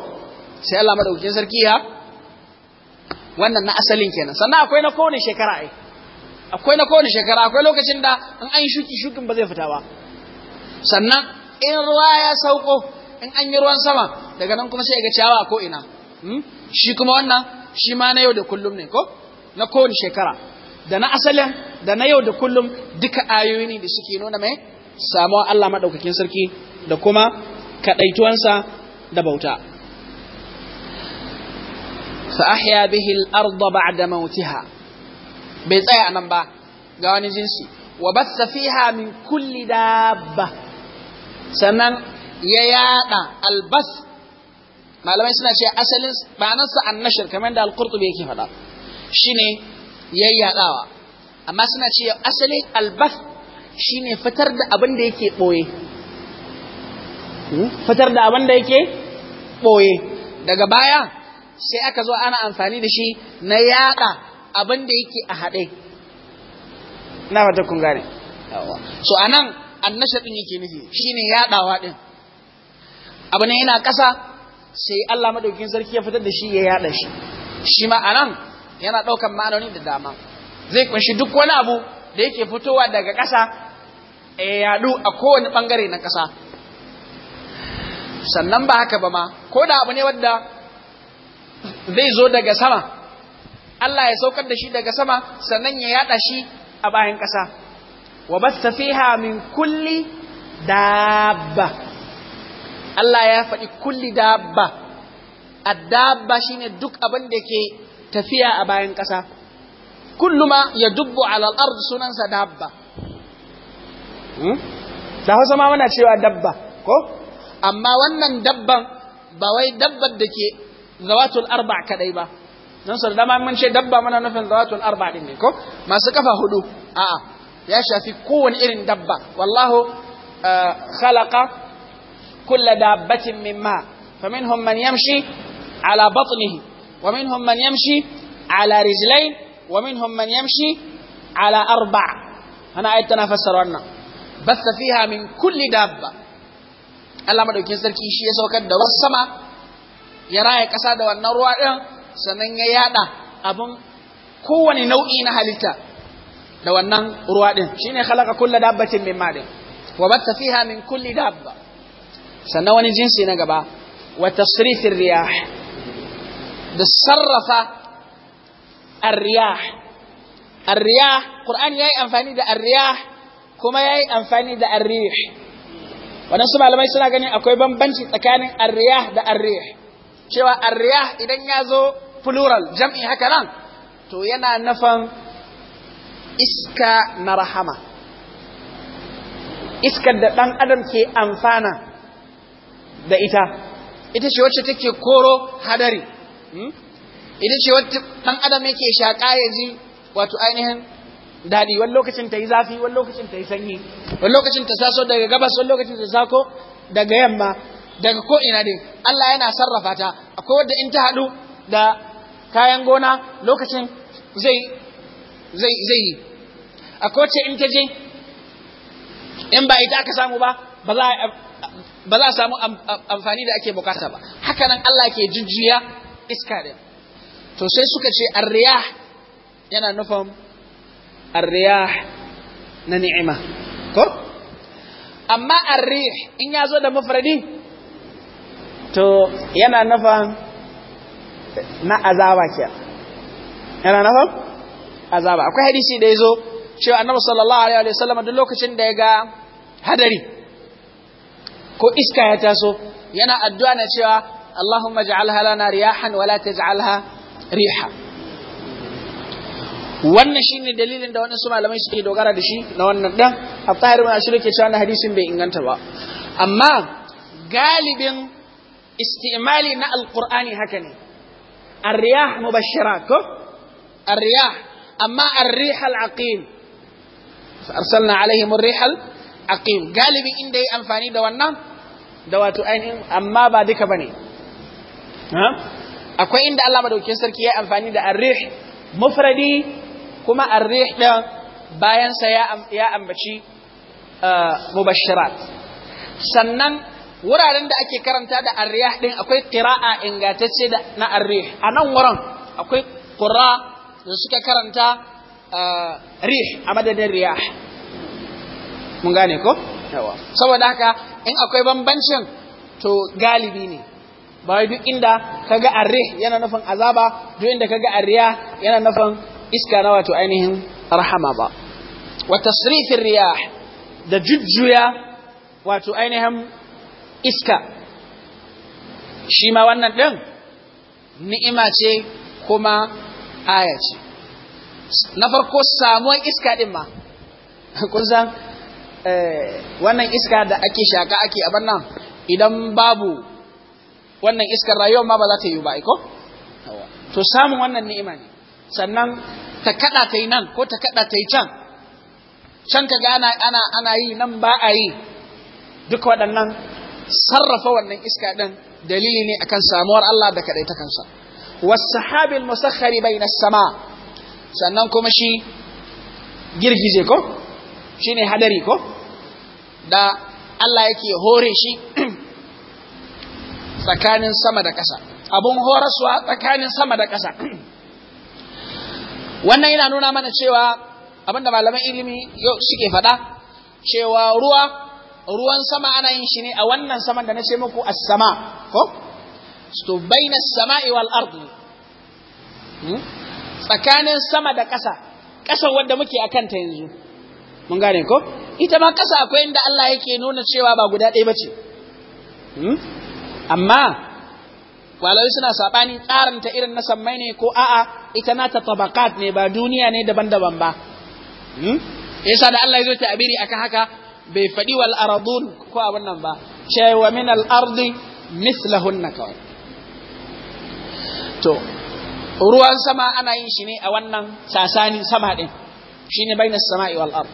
sai Allah madaukakin sarki ya wannan na asalin kenan sannan akwai na kowane shekara ai akwai na kowane shekara akwai lokacin da in an shuki shukin ba zai fita ba sannan in ruwa ya sauko in an yi ruwan sama daga nan kuma sai ga ciyawa ko ina hmm? shi kuma wannan shi ma na yau da kullum ne ko na kowane shekara da na asalin da na yau da kullum duka ayoyi ne da suke nuna mai samuwa Allah maɗaukakin sarki da kuma kadaituwansa da bauta فأحيا به الأرض بعد موتها بيتأي أنا با قواني جنسي وبث فيها من كل دابة سنن ييانا البث ما لما يسنا شيء أسل ما نسى النشر كمان ده القرطبي كيف هذا شيني ييانا أما سنا شيء أسل البث شيني فتر ده أبن ده يكي بوي فتر ده أبن ده يكي بوي daga baya sai aka zo ana amfani da shi na yaɗa abin da yake a haɗe na fata kun gane so anan ɗin yake nufi shine yaɗawa ɗin abu ne yana ƙasa sai Allah maɗaukin sarki ya fitar da shi ya yaɗa shi shi ma anan yana ɗaukan ma'anoni da dama zai kunshi duk wani abu da yake fitowa daga ƙasa ya yaɗu a kowane ɓangare na ƙasa sannan ba haka ba ma ko da abu ne wadda zai zo daga sama Allah ya saukar da shi daga sama sannan ya yada shi a bayan ƙasa wa basta fiha min kulli dabba Allah ya faɗi kulli dabba addabba shine duk abin da ke tafiya a bayan ƙasa kullu ya dubbu ala al sunansa dabba hmm? da Hausa ma muna cewa dabba ko amma wannan dabban ba wai dabbar da ke ذوات الاربع كدايبا نصر دما من شي دبا منا نفن ذوات الاربع دين ما سكفا هدو اه يا شافي كون ايرين دبا والله آه، خلق كل دابة مما فمنهم من يمشي على بطنه ومنهم من يمشي على رجلين ومنهم من يمشي على أربع أنا آية أنا وانا بث فيها من كل دابة الله ما دوكي سركي شيء سوكت دوا ya raya ƙasa da wannan ruwa ɗin sannan ya yada abin kowane nau'i na halitta da wannan ruwa ɗin Shi ne khalaqa kulla dabbatin min ma'in wa batta fiha min kulli dabba sannan wani jinsi na gaba wa sirifin riyah da sarrafa ar-riyah ar-riyah qur'ani amfani da ar kuma ya yi amfani da ar-rih wadansu malamai suna ganin akwai bambanci tsakanin ar da ar cewa arriya idan ya zo plural jam'i haka nan to yana nafan iska na rahama iskar da ɗan adam ke amfana da ita ita ce wacce take koro hadari hmm? ita ce wacce ɗan adam yake shaƙa ya ji wato ainihin daɗi wani lokacin ta yi zafi wani lokacin ta yi sanyi wani lokacin ta saso daga gabas wani lokacin ta sako daga yamma daga ko ina din Allah yana sarrafa ta akwai wadda in ta haɗu da kayan gona lokacin zai zai zai yi akwai wacce in ta je in ba ita aka samu ba ba za ba za a samu amfani da ake bukata ba haka nan Allah ke jujjuya iska din to sai suka ce arriyah yana nufin arriyah na ni'ima ko amma arrih in ya zo da mafradi to yana nufin na azaba ke yana nufin azaba akwai hadisi da ya zo cewa annabi sallallahu alaihi wa sallam duk lokacin da ya ga hadari ko iska ya taso yana addu'a na cewa Allahumma ja'alha lana riyahan wala taj'alha riha wannan shine dalilin da waɗansu malamai suke dogara da shi na wannan dan Abtahir bin Ashir ke cewa hadisin bai inganta ba amma galibin istimali na alqur'ani haka ne arriyah mubashshira ko arriyah amma arrih alaqim arsalna alaihim arrih alaqim galibi inda yi amfani da wannan da wato ainihin amma ba duka bane akwai inda Allah madaukakin sarki ya amfani da arrih mufradi kuma arrih din bayan sa ya ambaci ah, mubashshirat sannan wuraren da ake karanta da arriyah ɗin akwai qira'a ingantacce na arriyah a nan wurin akwai ƙura da suka karanta eh, rih a madadin riyah mun gane ko saboda haka in akwai bambancin to galibi ne ba duk inda kaga arrih yana nufin azaba duk inda kaga arriyah yana nufin iska na wato ainihin rahama ba wa tasrifin riyah da jujjuya wato ainihin iska shi ma wannan ɗin ni'ima ce kuma aya ce na farko samuwar iska ɗin ma kun san eh, wannan iska da ake shaka ake abin nan idan babu wannan iskar rayuwar ma ba za ta yi ba iko to samun wannan ni'ima ne sannan ta kada ta yi nan ko ta kada ta yi can can ka ga ana yi nan ba a yi duk waɗannan sarrafa wannan iska ɗin dalili ne akan samuwar Allah da kaɗai ta kansa wasahabil musakhari na sama sannan kuma shi girgije ko ne hadari ko da Allah yake hore shi tsakanin sama da ƙasa abun horaswa tsakanin sama da ƙasa wannan yana nuna mana cewa abinda malaman ilimi yau suke faɗa cewa ruwa ruwan sama ana yin shi ne a wannan saman da na ce muku as-sama ko to baina as-sama'i wal ardi hmm? tsakanin sama da ƙasa ƙasa wanda muke akan ta yanzu mun gane ko ita ma ƙasa akwai inda Allah yake nuna cewa ba guda ɗaya bace hmm? amma walawai suna saɓani tsarin ta irin na sammai ne ko a'a ita na ta tabaqat ne ba duniya ne daban-daban ba hmm? yasa da Allah ya zo ta abiri akan haka bai faɗi wal aradun ko a wannan ba Cewa wa min al ardi mislahunna kawai to ruwan sama ana yin shi ne a wannan sasani sama din shine bainas sama'i wal ard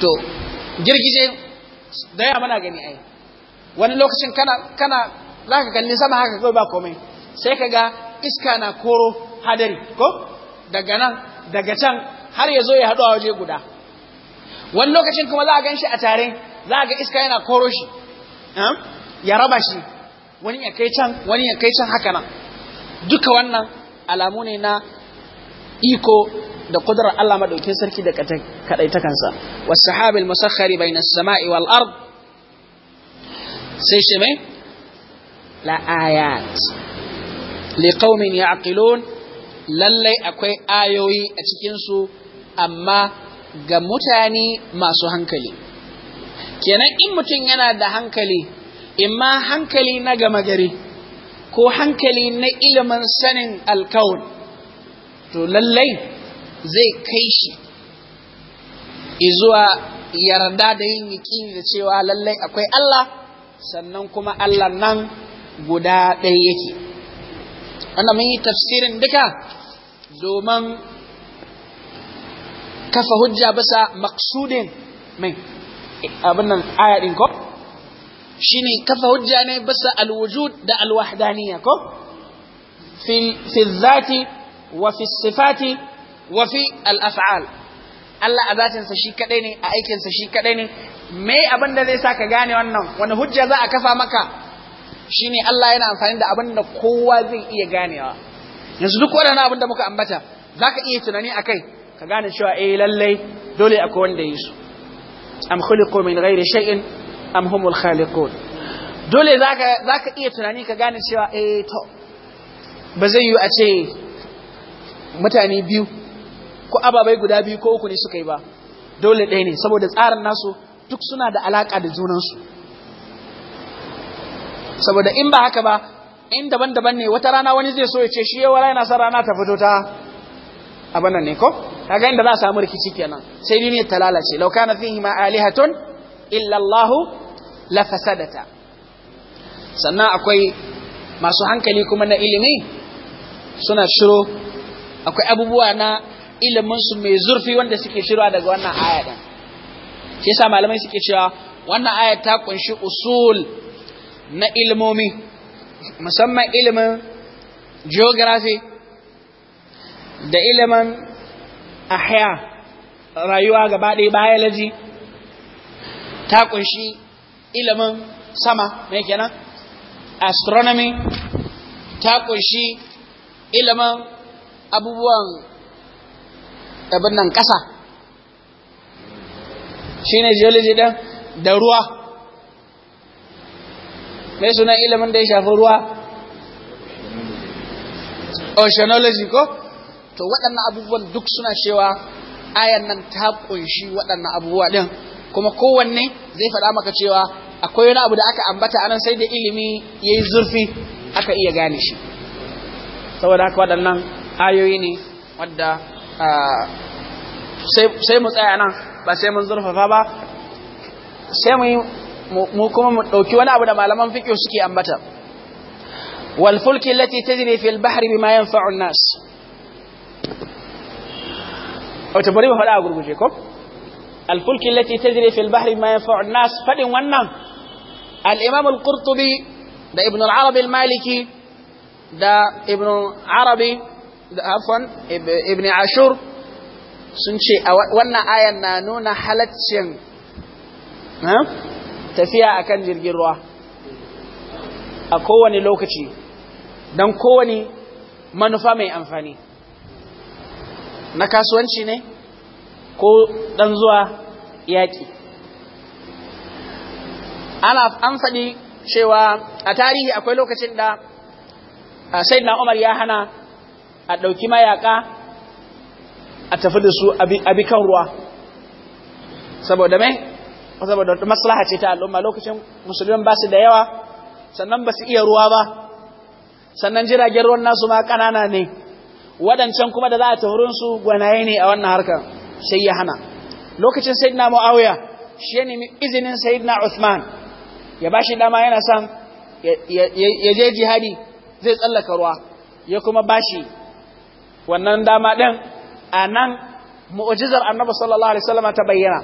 to girgije da ya mana gani ai wani lokacin kana kana zaka kalli sama haka kawai ba komai sai kaga iska na koro hadari ko daga nan daga can har ya zo ya haɗu a waje guda wani lokacin kuma za a gan shi a tare za a ga iska yana koro shi eh, ya raba shi wani ya kai can wani ya kai can haka nan duka wannan alamu ne na iko da kudurar Allah madaukin sarki da kadaita kansa was sahabil musakhkhari bayna as-sama'i wal ard sai shi mai La'ayat. ayat li qaumin lallai akwai ayoyi a cikin su amma ga mutane masu hankali kenan in mutum yana da hankali imma hankali na gama gari ko hankali na ilimin sanin alkawun to lallai zai kai shi izuwa yarda da yin yaki da cewa lallai akwai Allah sannan kuma Allah nan guda ɗaya yake wanda mun yi tafsirin duka domin kafa hujja basa maksudin min abin nan aya din ko shine kafa hujja ne basa alwujud da alwahdaniya ko fi fi wa fi sifati wa fi al-af'al Allah a zatinsa shi kaɗai ne a aikinsa shi kaɗai ne me abin da zai sa ka gane wannan wani hujja za a kafa maka shine Allah yana amfani da abin da kowa zai iya ganewa yanzu duk waɗannan abin da muka ambata za ka iya tunani a kai? ka gane cewa eh lallai dole akwai wanda yi su am khuliqu min ghairi shay'in am humul khaliqun dole zaka zaka iya tunani ka gane cewa eh to ba zai yi a ce mutane biyu ko ababai guda biyu ko uku ne suka yi ba dole ɗaya ne saboda tsarin nasu duk suna da alaka da junansu saboda in ba haka ba in daban-daban ne wata rana wani zai so ya ce shi yawa yana son rana ta fito ta abin nan ne ko kaga inda za a samu rikici kenan sai duniya ta lalace law kana fihi ma alihatun illa Allah la fasadata sannan akwai masu hankali kuma na ilimi suna shiro akwai abubuwa na ilimin su mai zurfi wanda suke shirwa daga wannan aya din shi yasa malamai suke cewa wannan aya ta kunshi usul na ilmomi musamman ilimin geography da ilimin a haya rayuwa gaba ɗaya biology ta kunshi ilimin sama mai kenan astronomy ta kunshi ilimin abubuwan abin nan ƙasa shi ne geology ɗin da ruwa mai suna ilimin da ya shafi ruwa oceanology ko to waɗannan abubuwan duk suna cewa ayan nan ta kunshi waɗannan abubuwa ɗin kuma kowanne zai faɗa maka cewa akwai wani abu da aka ambata anan sai da ilimi ya yi zurfi aka iya gane shi saboda haka waɗannan ayoyi ne wadda sai mu tsaya nan ba sai mun zurfafa ba sai mu yi mu kuma mu ɗauki wani abu da malaman fiƙi suke ambata والفلك التي تجري في البحر بما ينفع الناس wato bari mu faɗa a gurguje ko alfulki lati tajri fil bahri ma nas fadin wannan al-imam al-qurtubi da ibn al-arabi al-maliki da ibn arabi da afwan ibn ashur sun ce wannan ayan na nuna halaccin tafiya akan jirgin ruwa a kowane lokaci don kowane manufa mai amfani na kasuwanci ne ko ɗan zuwa yaƙi ana an faɗi cewa a tarihi akwai lokacin da sai na umar ya hana a ɗauki mayaƙa a tafi da su a kan ruwa saboda mai saboda maslaha ce ta al'umma lokacin musulman ba su da yawa sannan ba su iya ruwa ba sannan jiragen ruwan nasu ma ƙanana ne waɗancan kuma da za a tahurin su gwanaye ne a wannan harkar sai ya hana lokacin sayyidina muawiya shi ya nemi izinin sayyidina usman ya bashi dama yana son ya je jihadi zai tsallaka ruwa ya kuma bashi wannan dama ɗin a nan mu'ujizar annabi sallallahu alaihi wasallam ta bayyana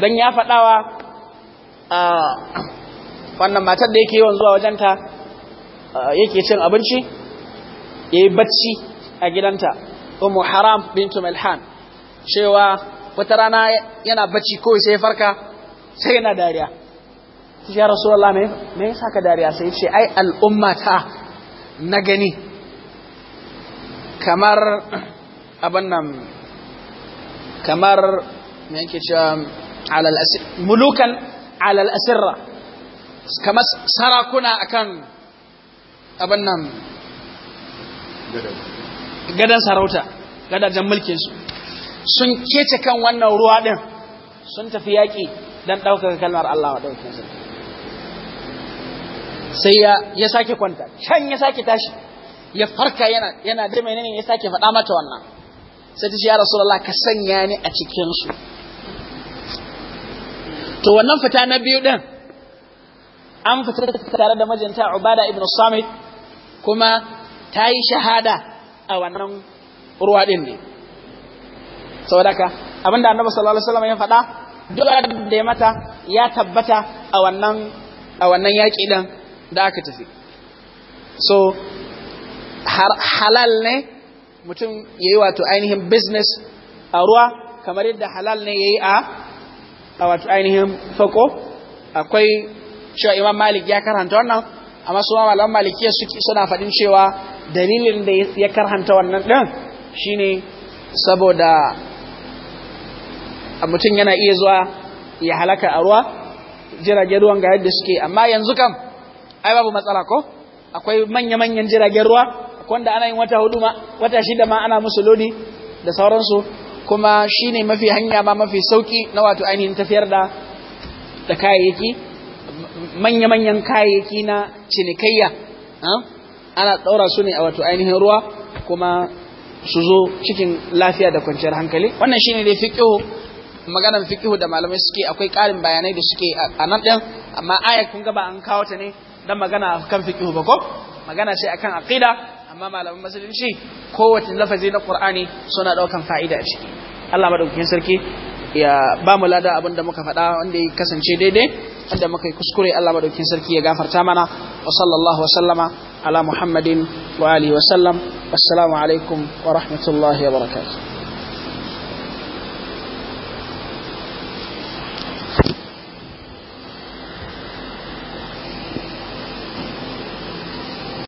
dan ya faɗawa a wannan matar da yake yawan zuwa wajenta yake cin abinci yayi bacci a gidanta ummu haram bintu malhan cewa wata rana yana bacci kawai sai ya farka sai yana dariya ya rasulullah me me ya saka dariya sai ce ai al'umma ta na gani kamar abin nan kamar me yake cewa mulukan alal asirra kamar sarakuna akan abin nan gadan sarauta gadajen su sun kece kan wannan ruwa din sun tafi yaƙi don ɗaukaka kalmar Allah wa ɗaukin sarki sai ya sake kwanta can ya sake tashi ya farka yana yana da menene ya sake faɗa mata wannan sai ta ce ya rasulullah ka sanya ni a cikin su to wannan fita na biyu din an fita tare da majinta Ubada ibn Samit kuma ta yi shahada a wannan ruwa ɗin ne saboda ka abinda annabi sallallahu alaihi wasallam ya faɗa duk da ya mata ya tabbata a wannan a wannan yaƙi ɗin da aka tafi so halal ne mutum ya yi wato ainihin business a ruwa kamar yadda halal ne ya yi a wato ainihin fako akwai cewa imam malik ya karanta wannan amma su malaman malikiya suna faɗin cewa dalilin da ya karhanta wannan ɗin shine saboda mutum yana iya zuwa ya halaka a ruwa jiragen ruwan ga yadda suke amma yanzu kam ai babu matsala ko akwai manya-manyan jiragen ruwa wanda ana yin wata hudu ma wata shida ma ana musu lodi da sauransu kuma shine mafi hanya ma mafi sauki na wato ainihin tafiyar da da kayayyaki manya-manyan kayayyaki na cinikayya ana ɗaura su ne a wato ainihin ruwa kuma su zo cikin lafiya da kwanciyar hankali wannan shine dai fiqhu maganan fiqhu da malamai suke akwai ƙarin bayanai da suke a nan ɗin amma aya kun ga ba an kawo ta ne dan magana kan fiqhu ba ko magana sai akan aqida amma malaman musulunci kowace lafazi na qur'ani suna ɗaukan fa'ida a ciki Allah madaukakin sarki ya ba mu lada abin da muka faɗa wanda ya kasance daidai wanda muka yi kuskure Allah madaukin sarki ya gafarta mana wa sallallahu wa sallama ala muhammadin wa alihi wa sallam assalamu alaikum wa rahmatullahi wa barakatuh